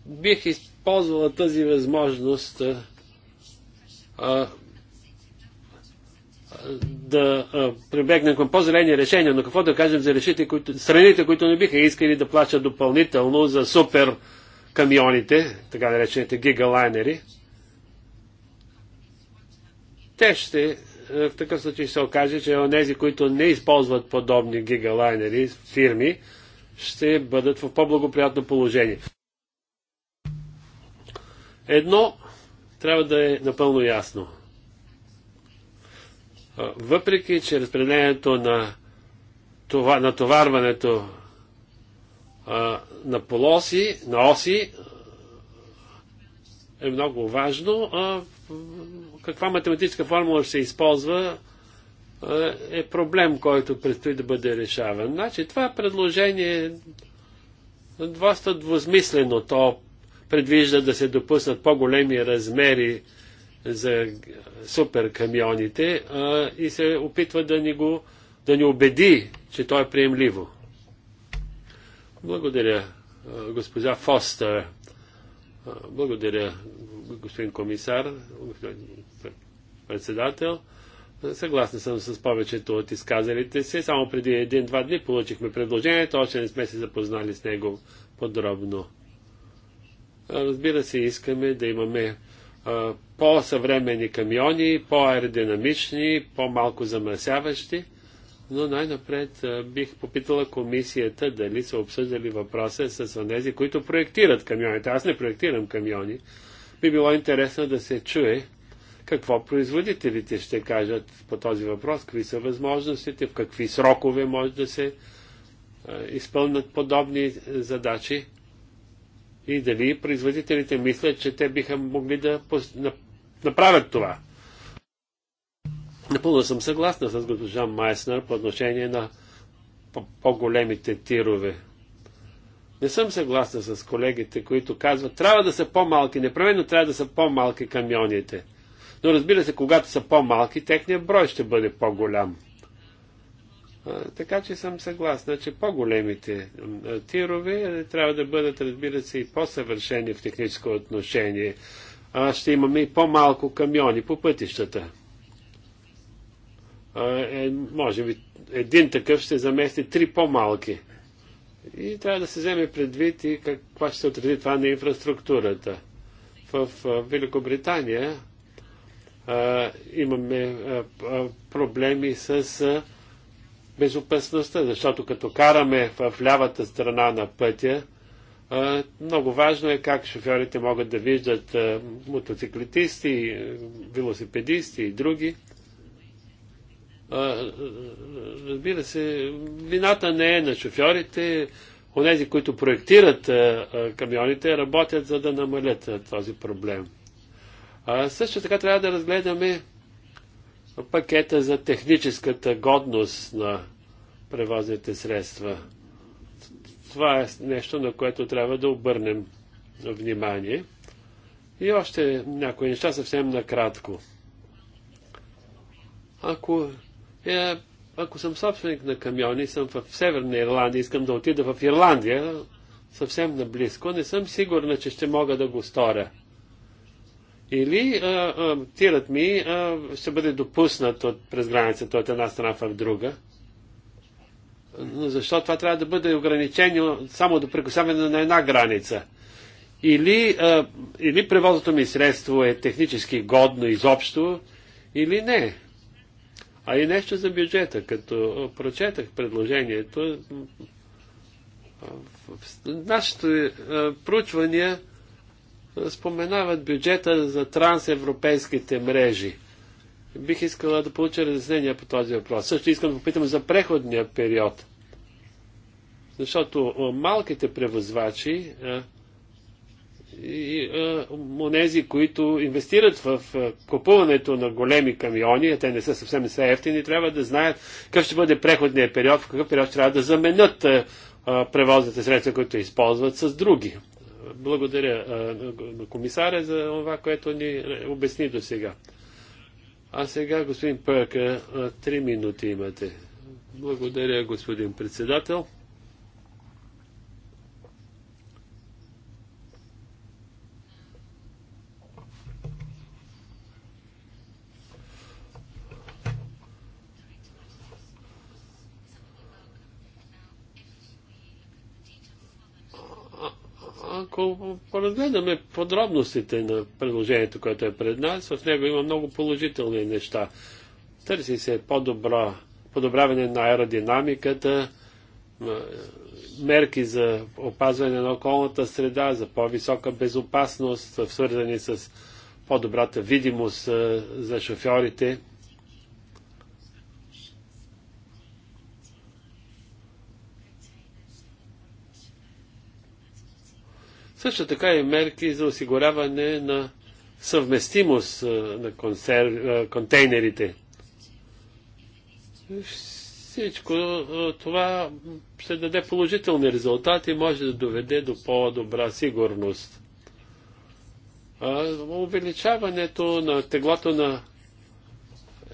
бих използвала тази възможност а, а, да а, прибегнем към по-зелени решения, но какво да кажем за решите, които, страните, които не биха искали да плащат допълнително за супер а, камионите, така наречените гигалайнери, те ще, е, в такъв случай се окаже, че онези, които не използват подобни гигалайнери, фирми, ще бъдат в по-благоприятно положение. Едно трябва да е напълно ясно. Въпреки, че разпределението на това, натоварването на полоси, на оси е много важно. А, каква математическа формула ще се използва а, е проблем, който предстои да бъде решаван. Значи това предложение е доста двусмислено. То предвижда да се допуснат по-големи размери за суперкамионите а, и се опитва да ни, го, да ни убеди, че то е приемливо. Благодаря, госпожа Фостер. Благодаря, господин комисар, председател. Съгласна съм с повечето от изказалите си. Само преди един-два дни получихме предложението, още не сме се запознали с него подробно. Разбира се, искаме да имаме по-съвремени камиони, по-аеродинамични, по-малко замърсяващи но най-напред бих попитала комисията дали са обсъждали въпроса с тези, които проектират камионите. Аз не проектирам камиони. Би било интересно да се чуе какво производителите ще кажат по този въпрос, какви са възможностите, в какви срокове може да се изпълнат подобни задачи и дали производителите мислят, че те биха могли да направят това. Напълно съм съгласна с госпожа Майснер по отношение на по-големите тирове. Не съм съгласна с колегите, които казват, трябва да са по-малки, непременно трябва да са по-малки камионите. Но разбира се, когато са по-малки, техният брой ще бъде по-голям. Така че съм съгласна, че по-големите тирове е, трябва да бъдат, разбира се, и по-съвършени в техническо отношение. А ще имаме и по-малко камиони по пътищата е, може би един такъв ще замести три по-малки. И трябва да се вземе предвид и каква ще се отрази това на инфраструктурата. В Великобритания а, имаме а, а, проблеми с а, безопасността, защото като караме в лявата страна на пътя, а, много важно е как шофьорите могат да виждат а, мотоциклетисти, велосипедисти и други разбира се, вината не е на шофьорите. Онези, които проектират камионите, работят за да намалят този проблем. А, също така трябва да разгледаме пакета за техническата годност на превозните средства. Това е нещо, на което трябва да обърнем внимание. И още някои неща съвсем накратко. Ако е, ако съм собственик на камиони, съм в Северна Ирландия, искам да отида в Ирландия, съвсем наблизко, не съм сигурна, че ще мога да го сторя. Или а, е, а, е, тирът ми а, е, ще бъде допуснат от, през границата от една страна в друга. Защо това трябва да бъде ограничено само до прекусяване на една граница? Или, а, или превозното ми средство е технически годно изобщо, или не. А и нещо за бюджета. Като прочетах предложението, нашите проучвания споменават бюджета за трансевропейските мрежи. Бих искала да получа разяснение по този въпрос. Също искам да попитам за преходния период. Защото малките превозвачи и онези, които инвестират в купуването на големи камиони, а те не са съвсем не са ефтини, трябва да знаят какъв ще бъде преходният период, в какъв период трябва да заменят превозните средства, които използват с други. Благодаря на комисаря за това, което ни обясни до сега. А сега, господин Пърка, три минути имате. Благодаря, господин председател. ако разгледаме подробностите на предложението, което е пред нас, в него има много положителни неща. Търси се по-добра, подобряване на аеродинамиката, е, мерки за опазване на околната среда, за по-висока безопасност, свързани с по-добрата видимост е, за шофьорите. Също така и мерки за осигуряване на съвместимост на консер... контейнерите. Всичко това ще даде положителни резултати и може да доведе до по-добра сигурност. Увеличаването на теглото на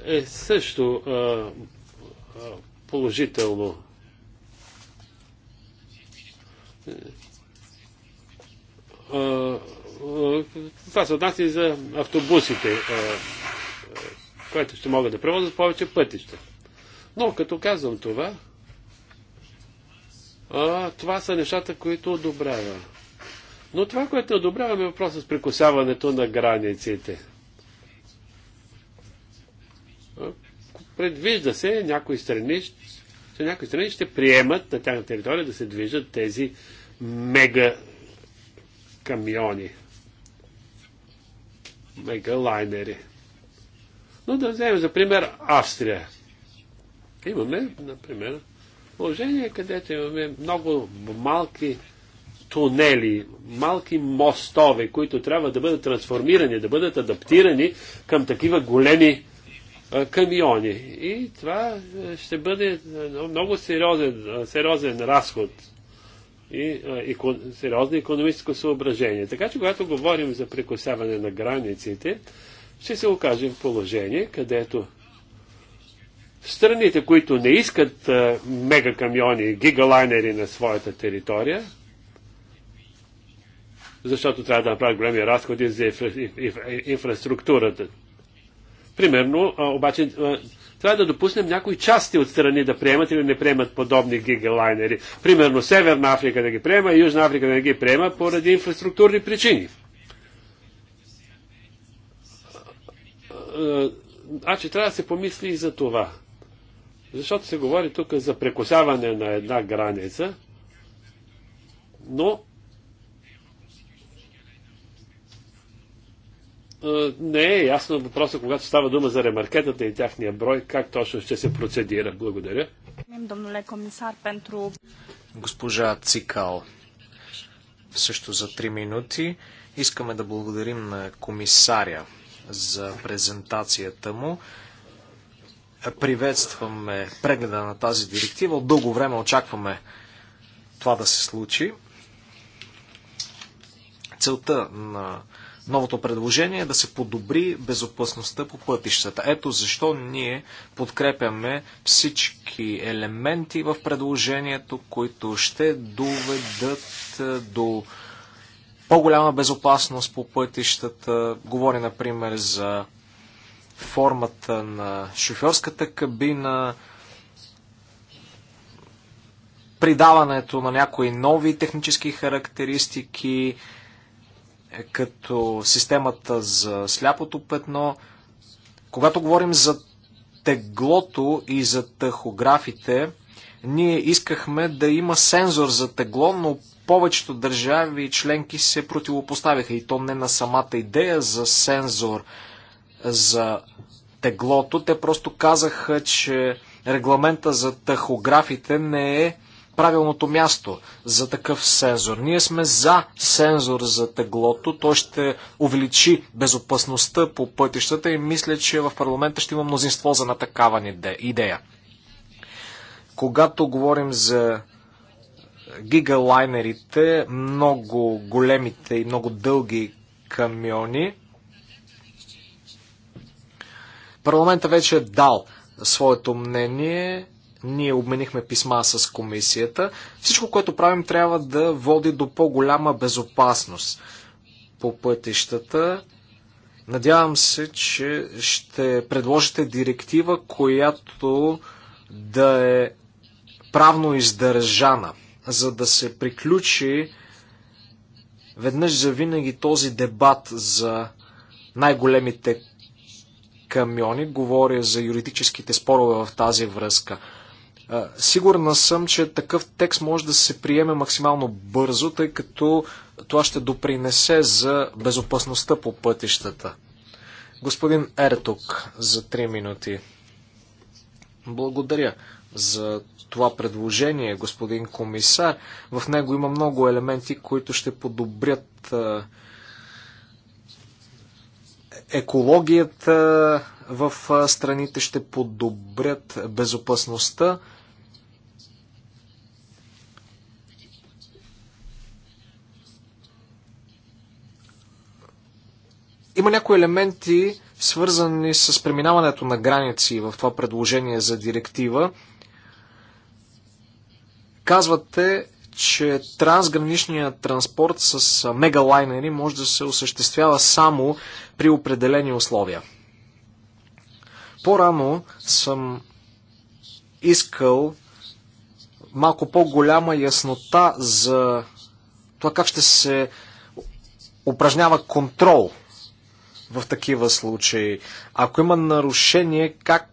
е също положително това се отнася и за автобусите, които ще могат да превозят повече пътища. Но като казвам това, а, това са нещата, които одобрява. Но това, което одобряваме е въпросът с прикосяването на границите. Предвижда се някои страни, че някои страни ще приемат на тяхна територия да се движат тези мега камиони, мегалайнери. Но да вземем за пример Австрия. Имаме, например, положение, където имаме много малки тунели, малки мостове, които трябва да бъдат трансформирани, да бъдат адаптирани към такива големи а, камиони. И това ще бъде много сериозен, сериозен разход и еко, сериозно економическо съображение. Така че, когато говорим за прекосяване на границите, ще се окажем в положение, където страните, които не искат мегакамиони, гигалайнери на своята територия, защото трябва да направят големи разходи за инфраструктурата. Примерно, обаче, трябва е да допуснем някои части от страни да приемат или не приемат подобни гигалайнери. Примерно Северна Африка да ги приема и Южна Африка да не ги приема поради инфраструктурни причини. А, че значи, трябва да се помисли и за това. Защото се говори тук за прекусяване на една граница, но не е ясно въпроса, когато става дума за ремаркетата и тяхния брой, как точно ще се процедира. Благодаря. Госпожа Цикал, също за 3 минути. Искаме да благодарим на комисаря за презентацията му. Приветстваме прегледа на тази директива. От дълго време очакваме това да се случи. Целта на Новото предложение е да се подобри безопасността по пътищата. Ето защо ние подкрепяме всички елементи в предложението, които ще доведат до по-голяма безопасност по пътищата. Говори, например, за формата на шофьорската кабина, придаването на някои нови технически характеристики, като системата за сляпото петно. Когато говорим за теглото и за тахографите, ние искахме да има сензор за тегло, но повечето държави и членки се противопоставяха и то не на самата идея за сензор за теглото. Те просто казаха, че регламента за тахографите не е правилното място за такъв сензор. Ние сме за сензор за теглото. Той ще увеличи безопасността по пътищата и мисля, че в парламента ще има мнозинство за на такава идея. Когато говорим за гигалайнерите, много големите и много дълги камиони, парламента вече е дал своето мнение ние обменихме писма с комисията. Всичко, което правим, трябва да води до по-голяма безопасност по пътищата. Надявам се, че ще предложите директива, която да е правно издържана, за да се приключи веднъж за винаги този дебат за най-големите камиони. Говоря за юридическите спорове в тази връзка. Сигурна съм, че такъв текст може да се приеме максимално бързо, тъй като това ще допринесе за безопасността по пътищата. Господин Ертук за 3 минути. Благодаря за това предложение, господин комисар. В него има много елементи, които ще подобрят екологията в страните, ще подобрят безопасността. Има някои елементи, свързани с преминаването на граници в това предложение за директива. Казвате, че трансграничният транспорт с мегалайнери може да се осъществява само при определени условия. По-рано съм искал малко по-голяма яснота за това как ще се упражнява контрол в такива случаи? Ако има нарушение, как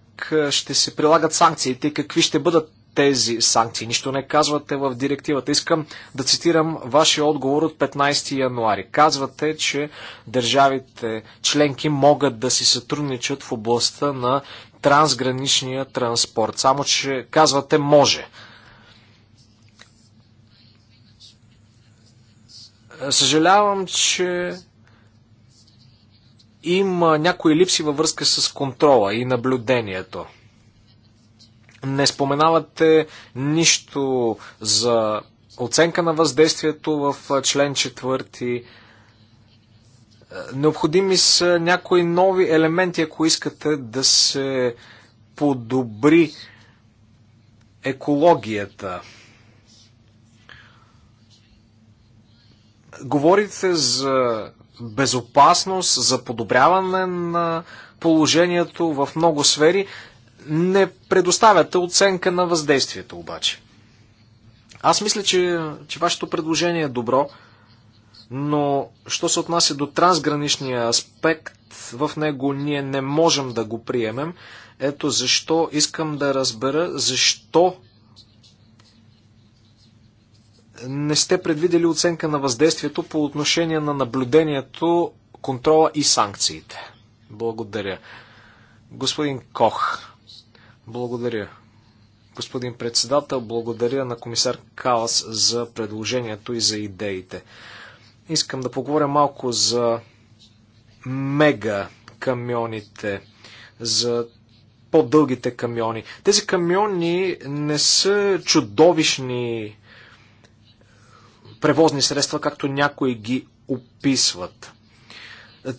ще се прилагат санкциите и какви ще бъдат тези санкции? Нищо не казвате в директивата. Искам да цитирам вашия отговор от 15 януари. Казвате, че държавите членки могат да си сътрудничат в областта на трансграничния транспорт. Само, че казвате може. Съжалявам, че има някои липси във връзка с контрола и наблюдението. Не споменавате нищо за оценка на въздействието в член 4. Е, необходими са някои нови елементи, ако искате да се подобри екологията. Говорите за безопасност, за подобряване на положението в много сфери, не предоставяте оценка на въздействието обаче. Аз мисля, че, че вашето предложение е добро, но що се отнася до трансграничния аспект, в него ние не можем да го приемем. Ето защо искам да разбера защо не сте предвидели оценка на въздействието по отношение на наблюдението, контрола и санкциите. Благодаря. Господин Кох, благодаря. Господин председател, благодаря на комисар Калас за предложението и за идеите. Искам да поговоря малко за мега камионите, за по-дългите камиони. Тези камиони не са чудовищни превозни средства, както някои ги описват.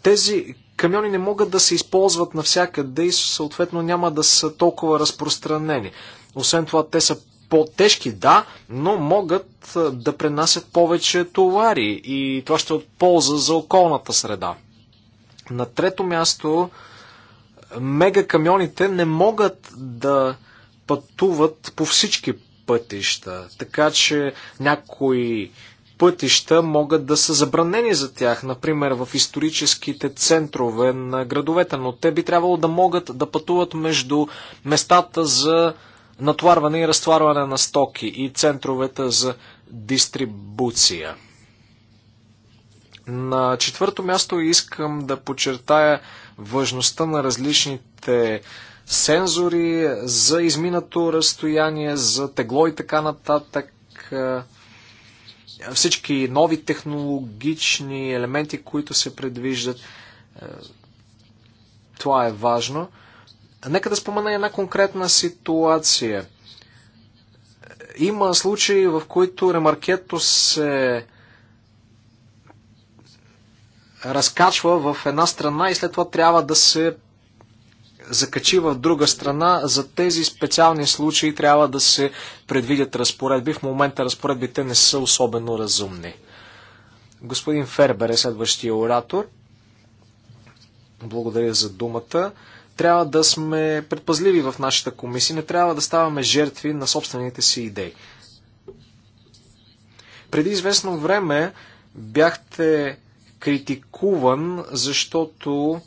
Тези камиони не могат да се използват навсякъде и съответно няма да са толкова разпространени. Освен това, те са по-тежки, да, но могат да пренасят повече товари и това ще е от полза за околната среда. На трето място, мегакамионите не могат да пътуват по всички пътища, така че някои пътища могат да са забранени за тях, например в историческите центрове на градовете, но те би трябвало да могат да пътуват между местата за натварване и разтварване на стоки и центровете за дистрибуция. На четвърто място искам да подчертая важността на различните сензори за изминато разстояние, за тегло и така нататък всички нови технологични елементи, които се предвиждат. Е, това е важно. Нека да спомена една конкретна ситуация. Има случаи, в които ремаркето се разкачва в една страна и след това трябва да се закачи в друга страна, за тези специални случаи трябва да се предвидят разпоредби. В момента разпоредбите не са особено разумни. Господин Фербер е следващия оратор. Благодаря за думата. Трябва да сме предпазливи в нашата комисия. Не трябва да ставаме жертви на собствените си идеи. Преди известно време бяхте критикуван, защото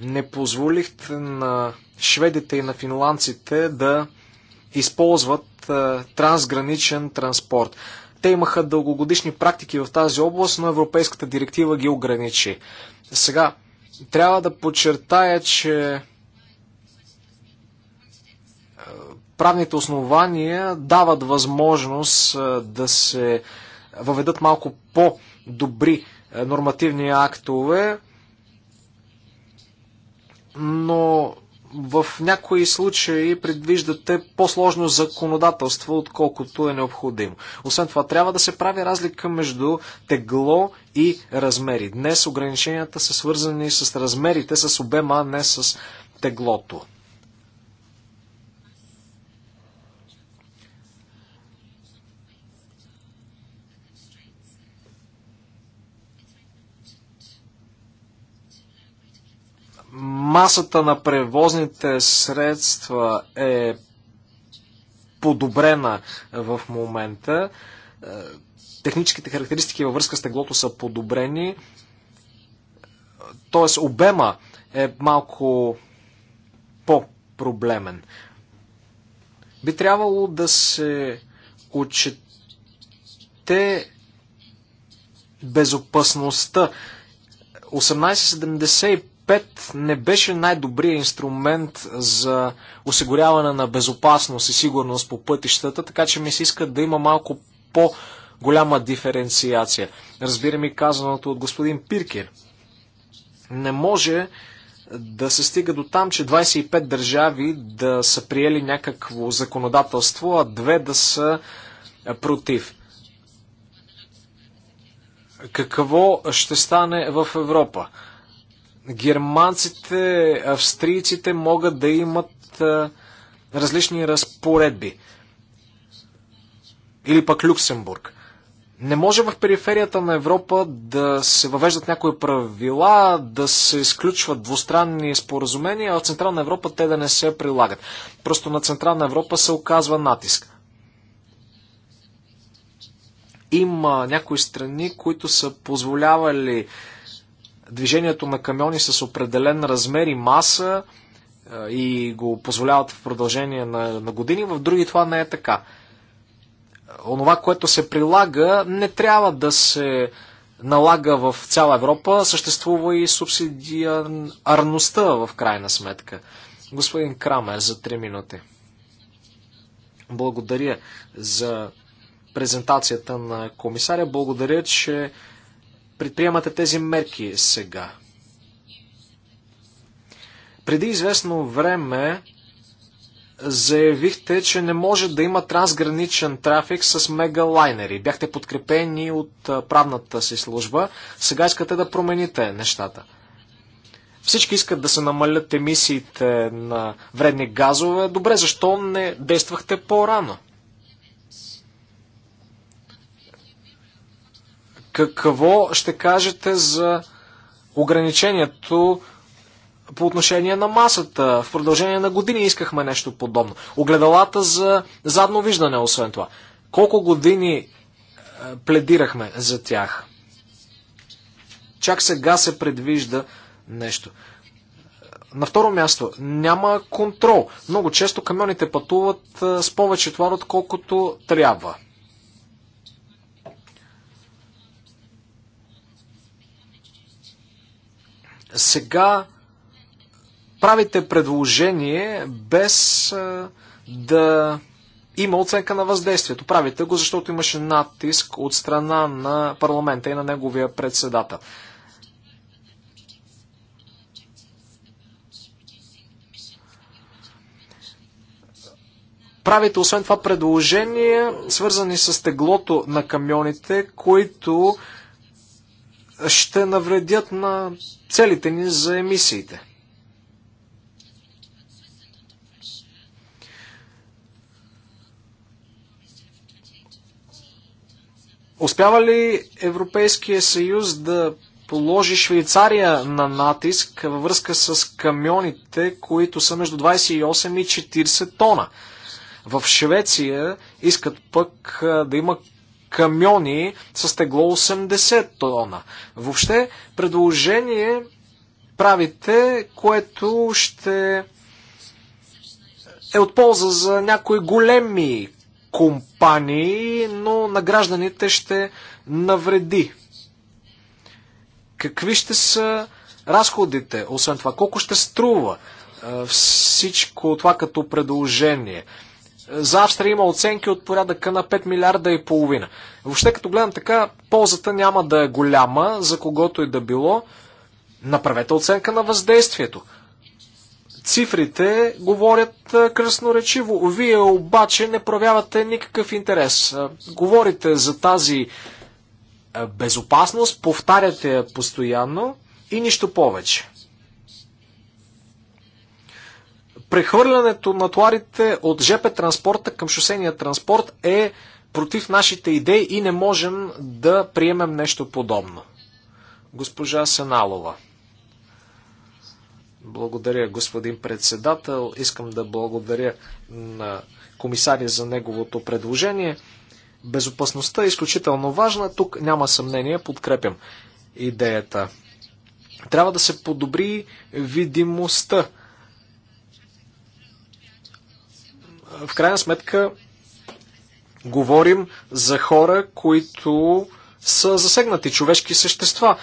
не позволихте на шведите и на финландците да използват а, е, трансграничен транспорт. Те имаха дългогодишни практики в тази област, но Европейската директива ги ограничи. Сега, трябва да подчертая, че е, правните основания дават възможност е, да се въведат малко по-добри нормативни актове, но в някои случаи предвиждате по-сложно законодателство, отколкото е необходимо. Освен това, трябва да се прави разлика между тегло и размери. Днес ограниченията са свързани с размерите, с обема, а не с теглото. масата на превозните средства е подобрена в момента. Е, техническите характеристики във връзка с теглото са подобрени. Е, тоест обема е малко по-проблемен. Би трябвало да се отчете безопасността. 1875 не беше най-добрият инструмент за осигуряване на безопасност и сигурност по пътищата, така че ми се иска да има малко по- голяма диференциация. Разбира ми казаното от господин Пиркер. Не може да се стига до там, че 25 държави да са приели някакво законодателство, а две да са против. Какво ще стане в Европа? германците, австрийците могат да имат различни разпоредби. Или пък Люксембург. Не може в периферията на Европа да се въвеждат някои правила, да се изключват двустранни споразумения, а в Централна Европа те да не се прилагат. Просто на Централна Европа се оказва натиск. Има някои страни, които са позволявали движението на камиони с определен размер и маса и го позволяват в продължение на, на години, в други това не е така. Онова, което се прилага, не трябва да се налага в цяла Европа, съществува и субсидиарността в крайна сметка. Господин Крамер, за 3 минути. Благодаря за презентацията на комисаря. Благодаря, че предприемате тези мерки сега? Преди известно време заявихте, че не може да има трансграничен трафик с мегалайнери. Бяхте подкрепени от правната си служба. Сега искате да промените нещата. Всички искат да се намалят емисиите на вредни газове. Добре, защо не действахте по-рано? Какво ще кажете за ограничението по отношение на масата? В продължение на години искахме нещо подобно. Огледалата за задно виждане, освен това. Колко години е, пледирахме за тях? Чак сега се предвижда нещо. На второ място, няма контрол. Много често камионите пътуват е, с повече товар, отколкото трябва. Сега правите предложение без да има оценка на въздействието. Правите го, защото имаше натиск от страна на парламента и на неговия председател. правите освен това предложения, свързани с теглото на камионите, които ще навредят на целите ни за емисиите. Успява ли Европейския съюз да положи Швейцария на натиск във връзка с камионите, които са между 28 и 40 тона? В Швеция искат пък да има камиони с тегло 80 тона. Въобще предложение правите, което ще е от полза за някои големи компании, но на гражданите ще навреди. Какви ще са разходите, освен това? Колко ще струва всичко това като предложение? За Австрия има оценки от порядъка на 5 милиарда и половина. Въобще като гледам така, ползата няма да е голяма, за когото и да било. Направете оценка на въздействието. Цифрите говорят кръсноречиво. Вие обаче не проявявате никакъв интерес. Говорите за тази безопасност, повтаряте я постоянно и нищо повече. прехвърлянето на товарите от ЖП транспорта към шосения транспорт е против нашите идеи и не можем да приемем нещо подобно. Госпожа Сеналова. Благодаря, господин председател. Искам да благодаря на комисаря за неговото предложение. Безопасността е изключително важна. Тук няма съмнение, подкрепям идеята. Трябва да се подобри видимостта в крайна сметка говорим за хора, които са засегнати човешки същества.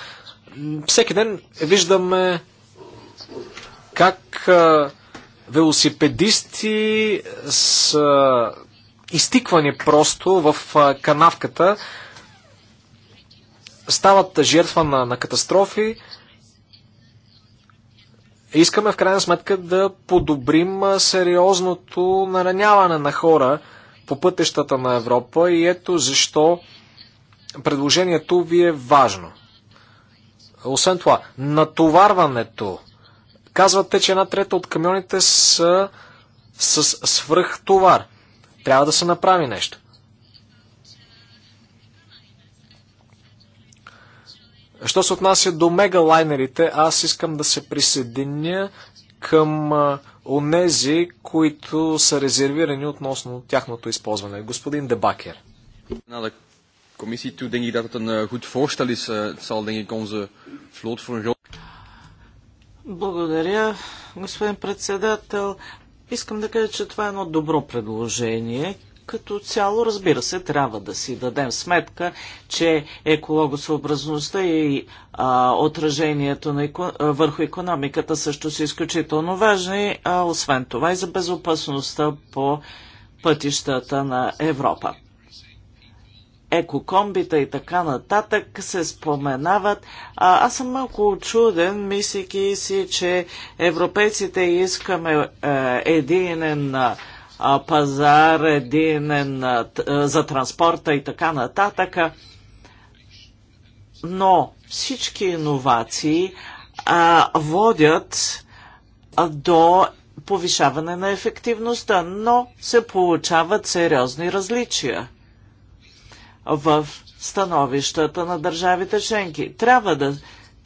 Всеки ден виждаме как велосипедисти са изтиквани просто в канавката, стават жертва на, на катастрофи, Искаме в крайна сметка да подобрим сериозното нараняване на хора по пътещата на Европа и ето защо предложението ви е важно. Освен това, натоварването. Казвате, че една трета от камионите са с свръхтовар. Трябва да се направи нещо. Що се отнася до мегалайнерите, аз искам да се присъединя към онези, които са резервирани относно тяхното използване. Господин Дебакер. commissie toe denk ik dat het een eh, goed voorstel is. Eh, het zal denk ik onze vloot voor een Благодаря, господин председател. Искам да кажа, че това е едно добро предложение, като цяло, разбира се, трябва да си дадем сметка, че екологосъобразността и а, отражението на еко... върху економиката също са изключително важни, а освен това и за безопасността по пътищата на Европа. Екокомбита и така нататък се споменават. А, аз съм малко очуден, мислики си, че европейците искаме е, единен е, пазар, един за транспорта и така нататък. Но всички иновации водят до повишаване на ефективността, но се получават сериозни различия в становищата на държавите членки. Трябва да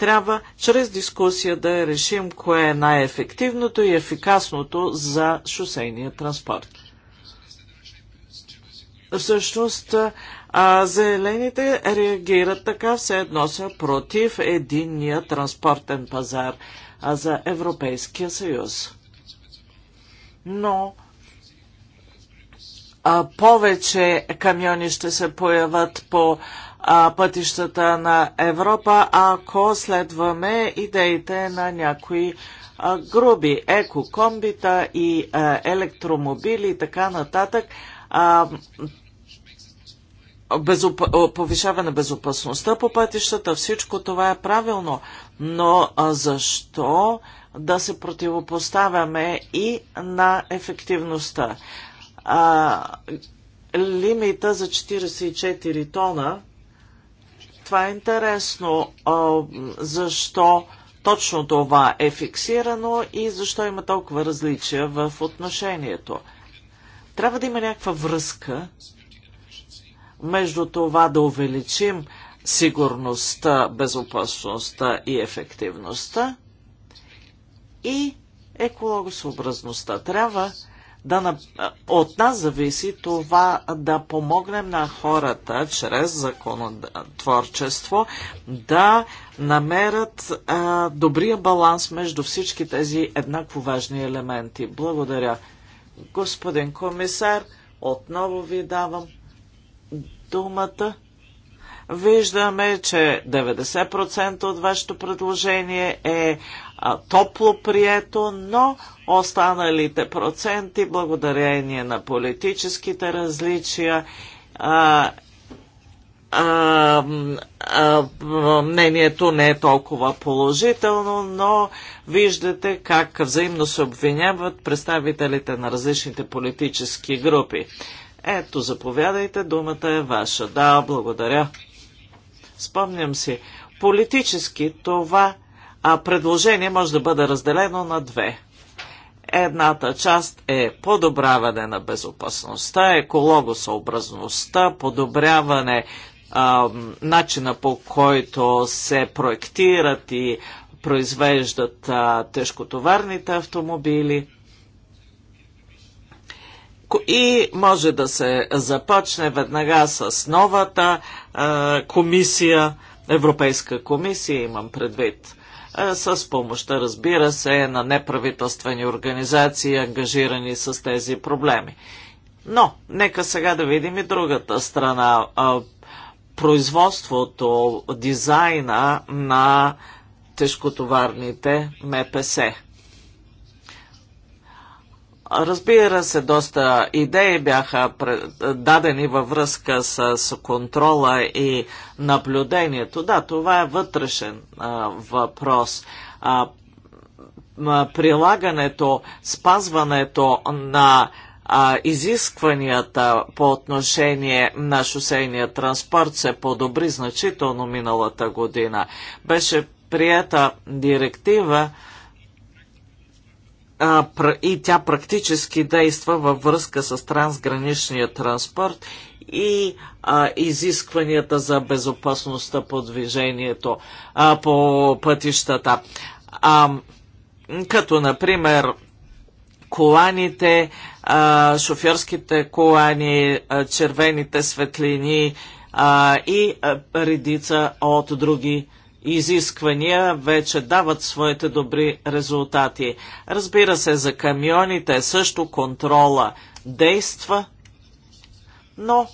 трябва чрез дискусия да решим кое е най-ефективното и ефикасното за шосейния транспорт. Всъщност, а зелените реагират така, все едно са против единния транспортен пазар за Европейския съюз. Но а, повече камиони ще се появат по пътищата на Европа, ако следваме идеите на някои груби екокомбита и електромобили и така нататък. безоп... повишаване безопасността по пътищата, всичко това е правилно, но защо да се противопоставяме и на ефективността? А, лимита за 44 тона това е интересно. Защо точно това е фиксирано и защо има толкова различия в отношението? Трябва да има някаква връзка между това да увеличим сигурността, безопасността и ефективността и екологосъобразността. Трябва да, от нас зависи това да помогнем на хората чрез законотворчество да намерят а, добрия баланс между всички тези еднакво важни елементи. Благодаря. Господин комисар, отново ви давам думата. Виждаме, че 90% от вашето предложение е топло прието, но останалите проценти, благодарение на политическите различия, а, а, а, мнението не е толкова положително, но виждате как взаимно се обвиняват представителите на различните политически групи. Ето, заповядайте, думата е ваша. Да, благодаря. Спомням си, политически това а, предложение може да бъде разделено на две. Едната част е подобряване на безопасността, екологосъобразността, подобряване а, начина по който се проектират и произвеждат а, тежкотоварните автомобили. И може да се започне веднага с новата а, комисия, Европейска комисия имам предвид с помощта, разбира се, на неправителствени организации, ангажирани с тези проблеми. Но, нека сега да видим и другата страна. Производството, дизайна на тежкотоварните МПС. Разбира се, доста идеи бяха дадени във връзка с контрола и наблюдението. Да, това е вътрешен въпрос. прилагането, спазването на изискванията по отношение на шосейния транспорт се подобри значително миналата година. Беше прията директива, и тя практически действа във връзка с трансграничния транспорт и а, изискванията за безопасността по движението а, по пътищата. А, като, например, коланите, а, шофьорските колани, а, червените светлини а, и а, редица от други а, изисквания вече дават своите добри резултати. Разбира се, за камионите също контрола действа, но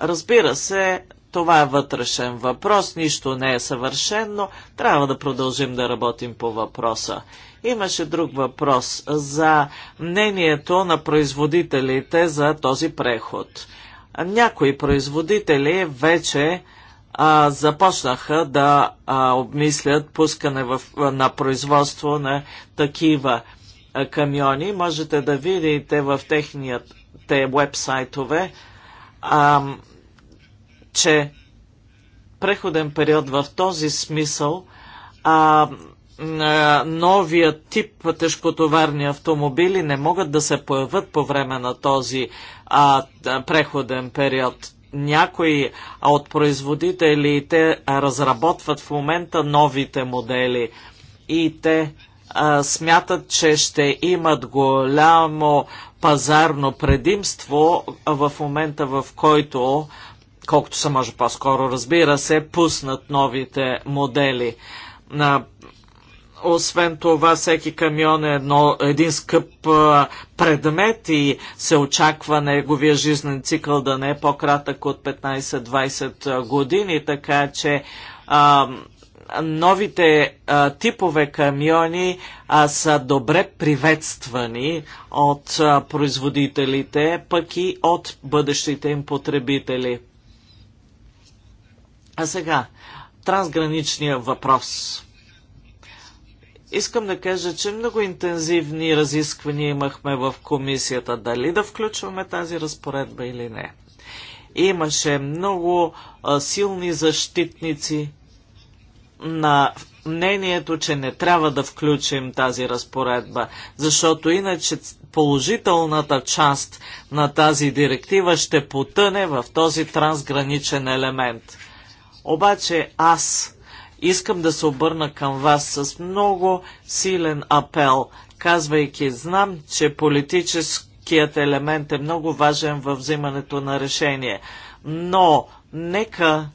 разбира се, това е вътрешен въпрос, нищо не е съвършено, трябва да продължим да работим по въпроса. Имаше друг въпрос за мнението на производителите за този преход. Някои производители вече а, започнаха да а, обмислят пускане в, на производство на такива а, камиони. Можете да видите в техният вебсайтове, а, че преходен период в този смисъл а, новия тип тежкотоварни автомобили не могат да се появят по време на този а, преходен период някои от производителите разработват в момента новите модели и те а, смятат, че ще имат голямо пазарно предимство в момента, в който, колкото се може по-скоро, разбира се, пуснат новите модели. Освен това, всеки камион е едно, един скъп а, предмет и се очаква неговия жизнен цикъл да не е по-кратък от 15-20 години, така че а, новите а, типове камиони а, са добре приветствани от а, производителите, пък и от бъдещите им потребители. А сега, трансграничния въпрос. Искам да кажа, че много интензивни разисквания имахме в комисията дали да включваме тази разпоредба или не. Имаше много а, силни защитници на мнението, че не трябва да включим тази разпоредба, защото иначе положителната част на тази директива ще потъне в този трансграничен елемент. Обаче аз Искам да се обърна към вас с много силен апел, казвайки, знам, че политическият елемент е много важен във взимането на решение, но нека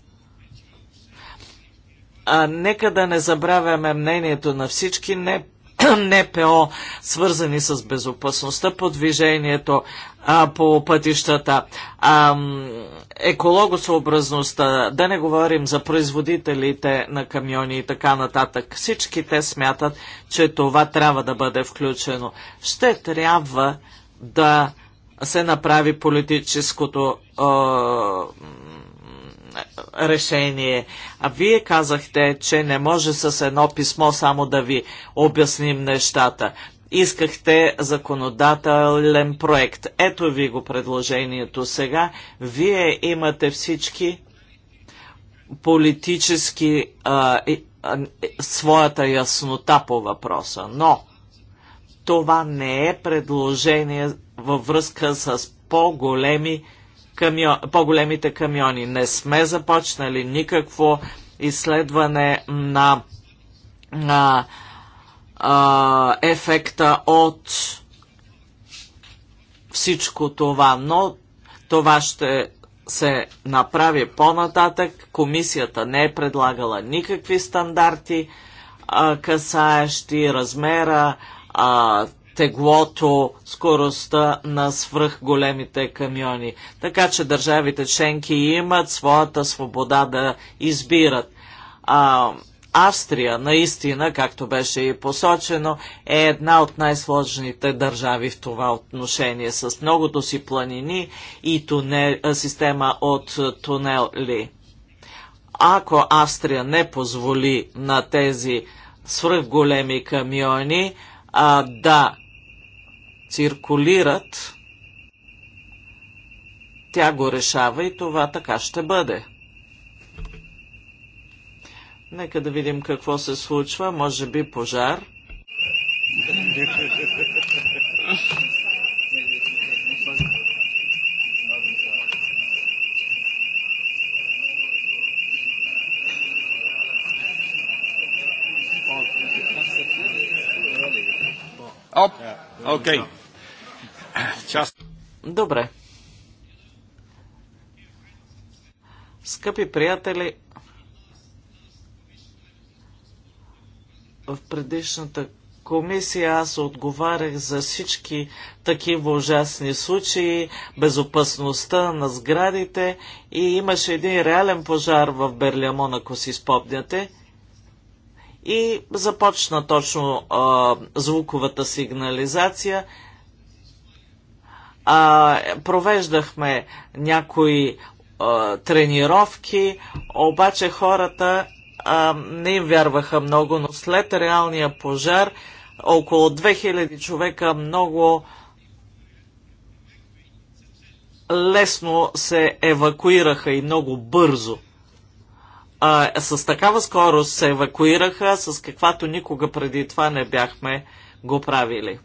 а, нека да не забравяме мнението на всички не НПО, свързани с безопасността по движението а, по пътищата, а, екологосъобразността, да не говорим за производителите на камиони и така нататък. Всички те смятат, че това трябва да бъде включено. Ще трябва да се направи политическото а, решение. А вие казахте, че не може с едно писмо само да ви обясним нещата. Искахте законодателен проект. Ето ви го предложението сега. Вие имате всички политически а, а, своята яснота по въпроса. Но това не е предложение във връзка с по-големи камион, по-големите камиони. Не сме започнали никакво изследване на, на а, ефекта от всичко това, но това ще се направи по-нататък. Комисията не е предлагала никакви стандарти, а, касаещи размера, а, теглото, скоростта на свръх големите камиони. Така че държавите членки имат своята свобода да избират. А, Австрия, наистина, както беше и посочено, е една от най-сложните държави в това отношение, с многото си планини и тунел, система от тунели. Ако Австрия не позволи на тези свръхголеми камиони а, да циркулират, тя го решава и това така ще бъде. Нека да видим какво се случва. Може би пожар. Оп, окей. Okay част. Добре. Скъпи приятели, в предишната комисия аз отговарях за всички такива ужасни случаи, безопасността на сградите и имаше един реален пожар в Берлямон, ако си спомняте. И започна точно а, звуковата сигнализация – а, провеждахме някои а, тренировки, обаче хората а, не им вярваха много, но след реалния пожар около 2000 човека много лесно се евакуираха и много бързо. А, с такава скорост се евакуираха, с каквато никога преди това не бяхме го правили.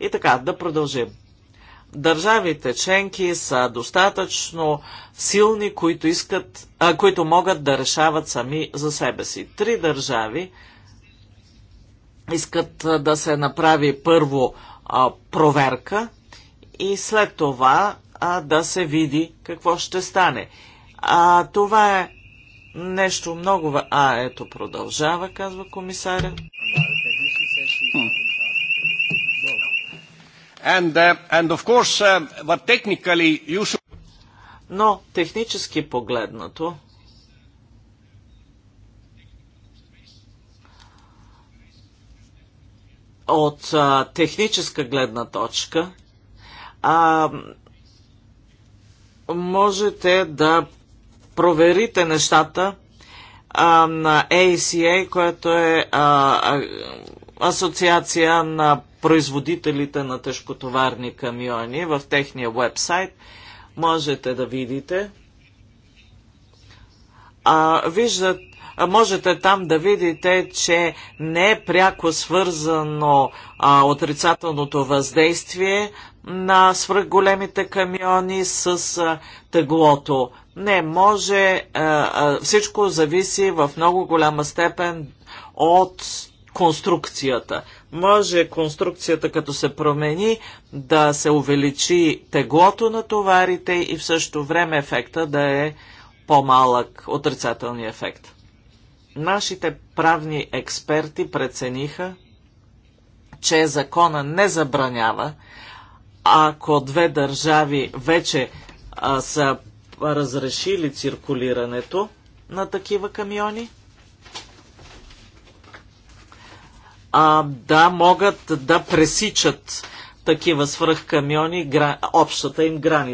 И така, да продължим държавите членки са достатъчно силни, които, искат, а, които могат да решават сами за себе си. Три държави искат да се направи първо а, проверка и след това а, да се види какво ще стане. А това е нещо много... А, ето, продължава, казва комисаря. Uh, uh, Но технически погледнато, от а, техническа гледна точка, а, можете да проверите нещата а, на ACA, което е а, а, асоциация на производителите на тежкотоварни камиони в техния вебсайт. Можете да видите. А, виждат, а можете там да видите, че не е пряко свързано а, отрицателното въздействие на свръхголемите камиони с а, теглото. Не може, а, а, всичко зависи в много голяма степен от конструкцията може конструкцията като се промени да се увеличи теглото на товарите и в същото време ефекта да е по-малък отрицателния ефект. Нашите правни експерти прецениха, че закона не забранява, ако две държави вече а, са разрешили циркулирането на такива камиони, а, да могат да пресичат такива свръхкамиони общата им граница.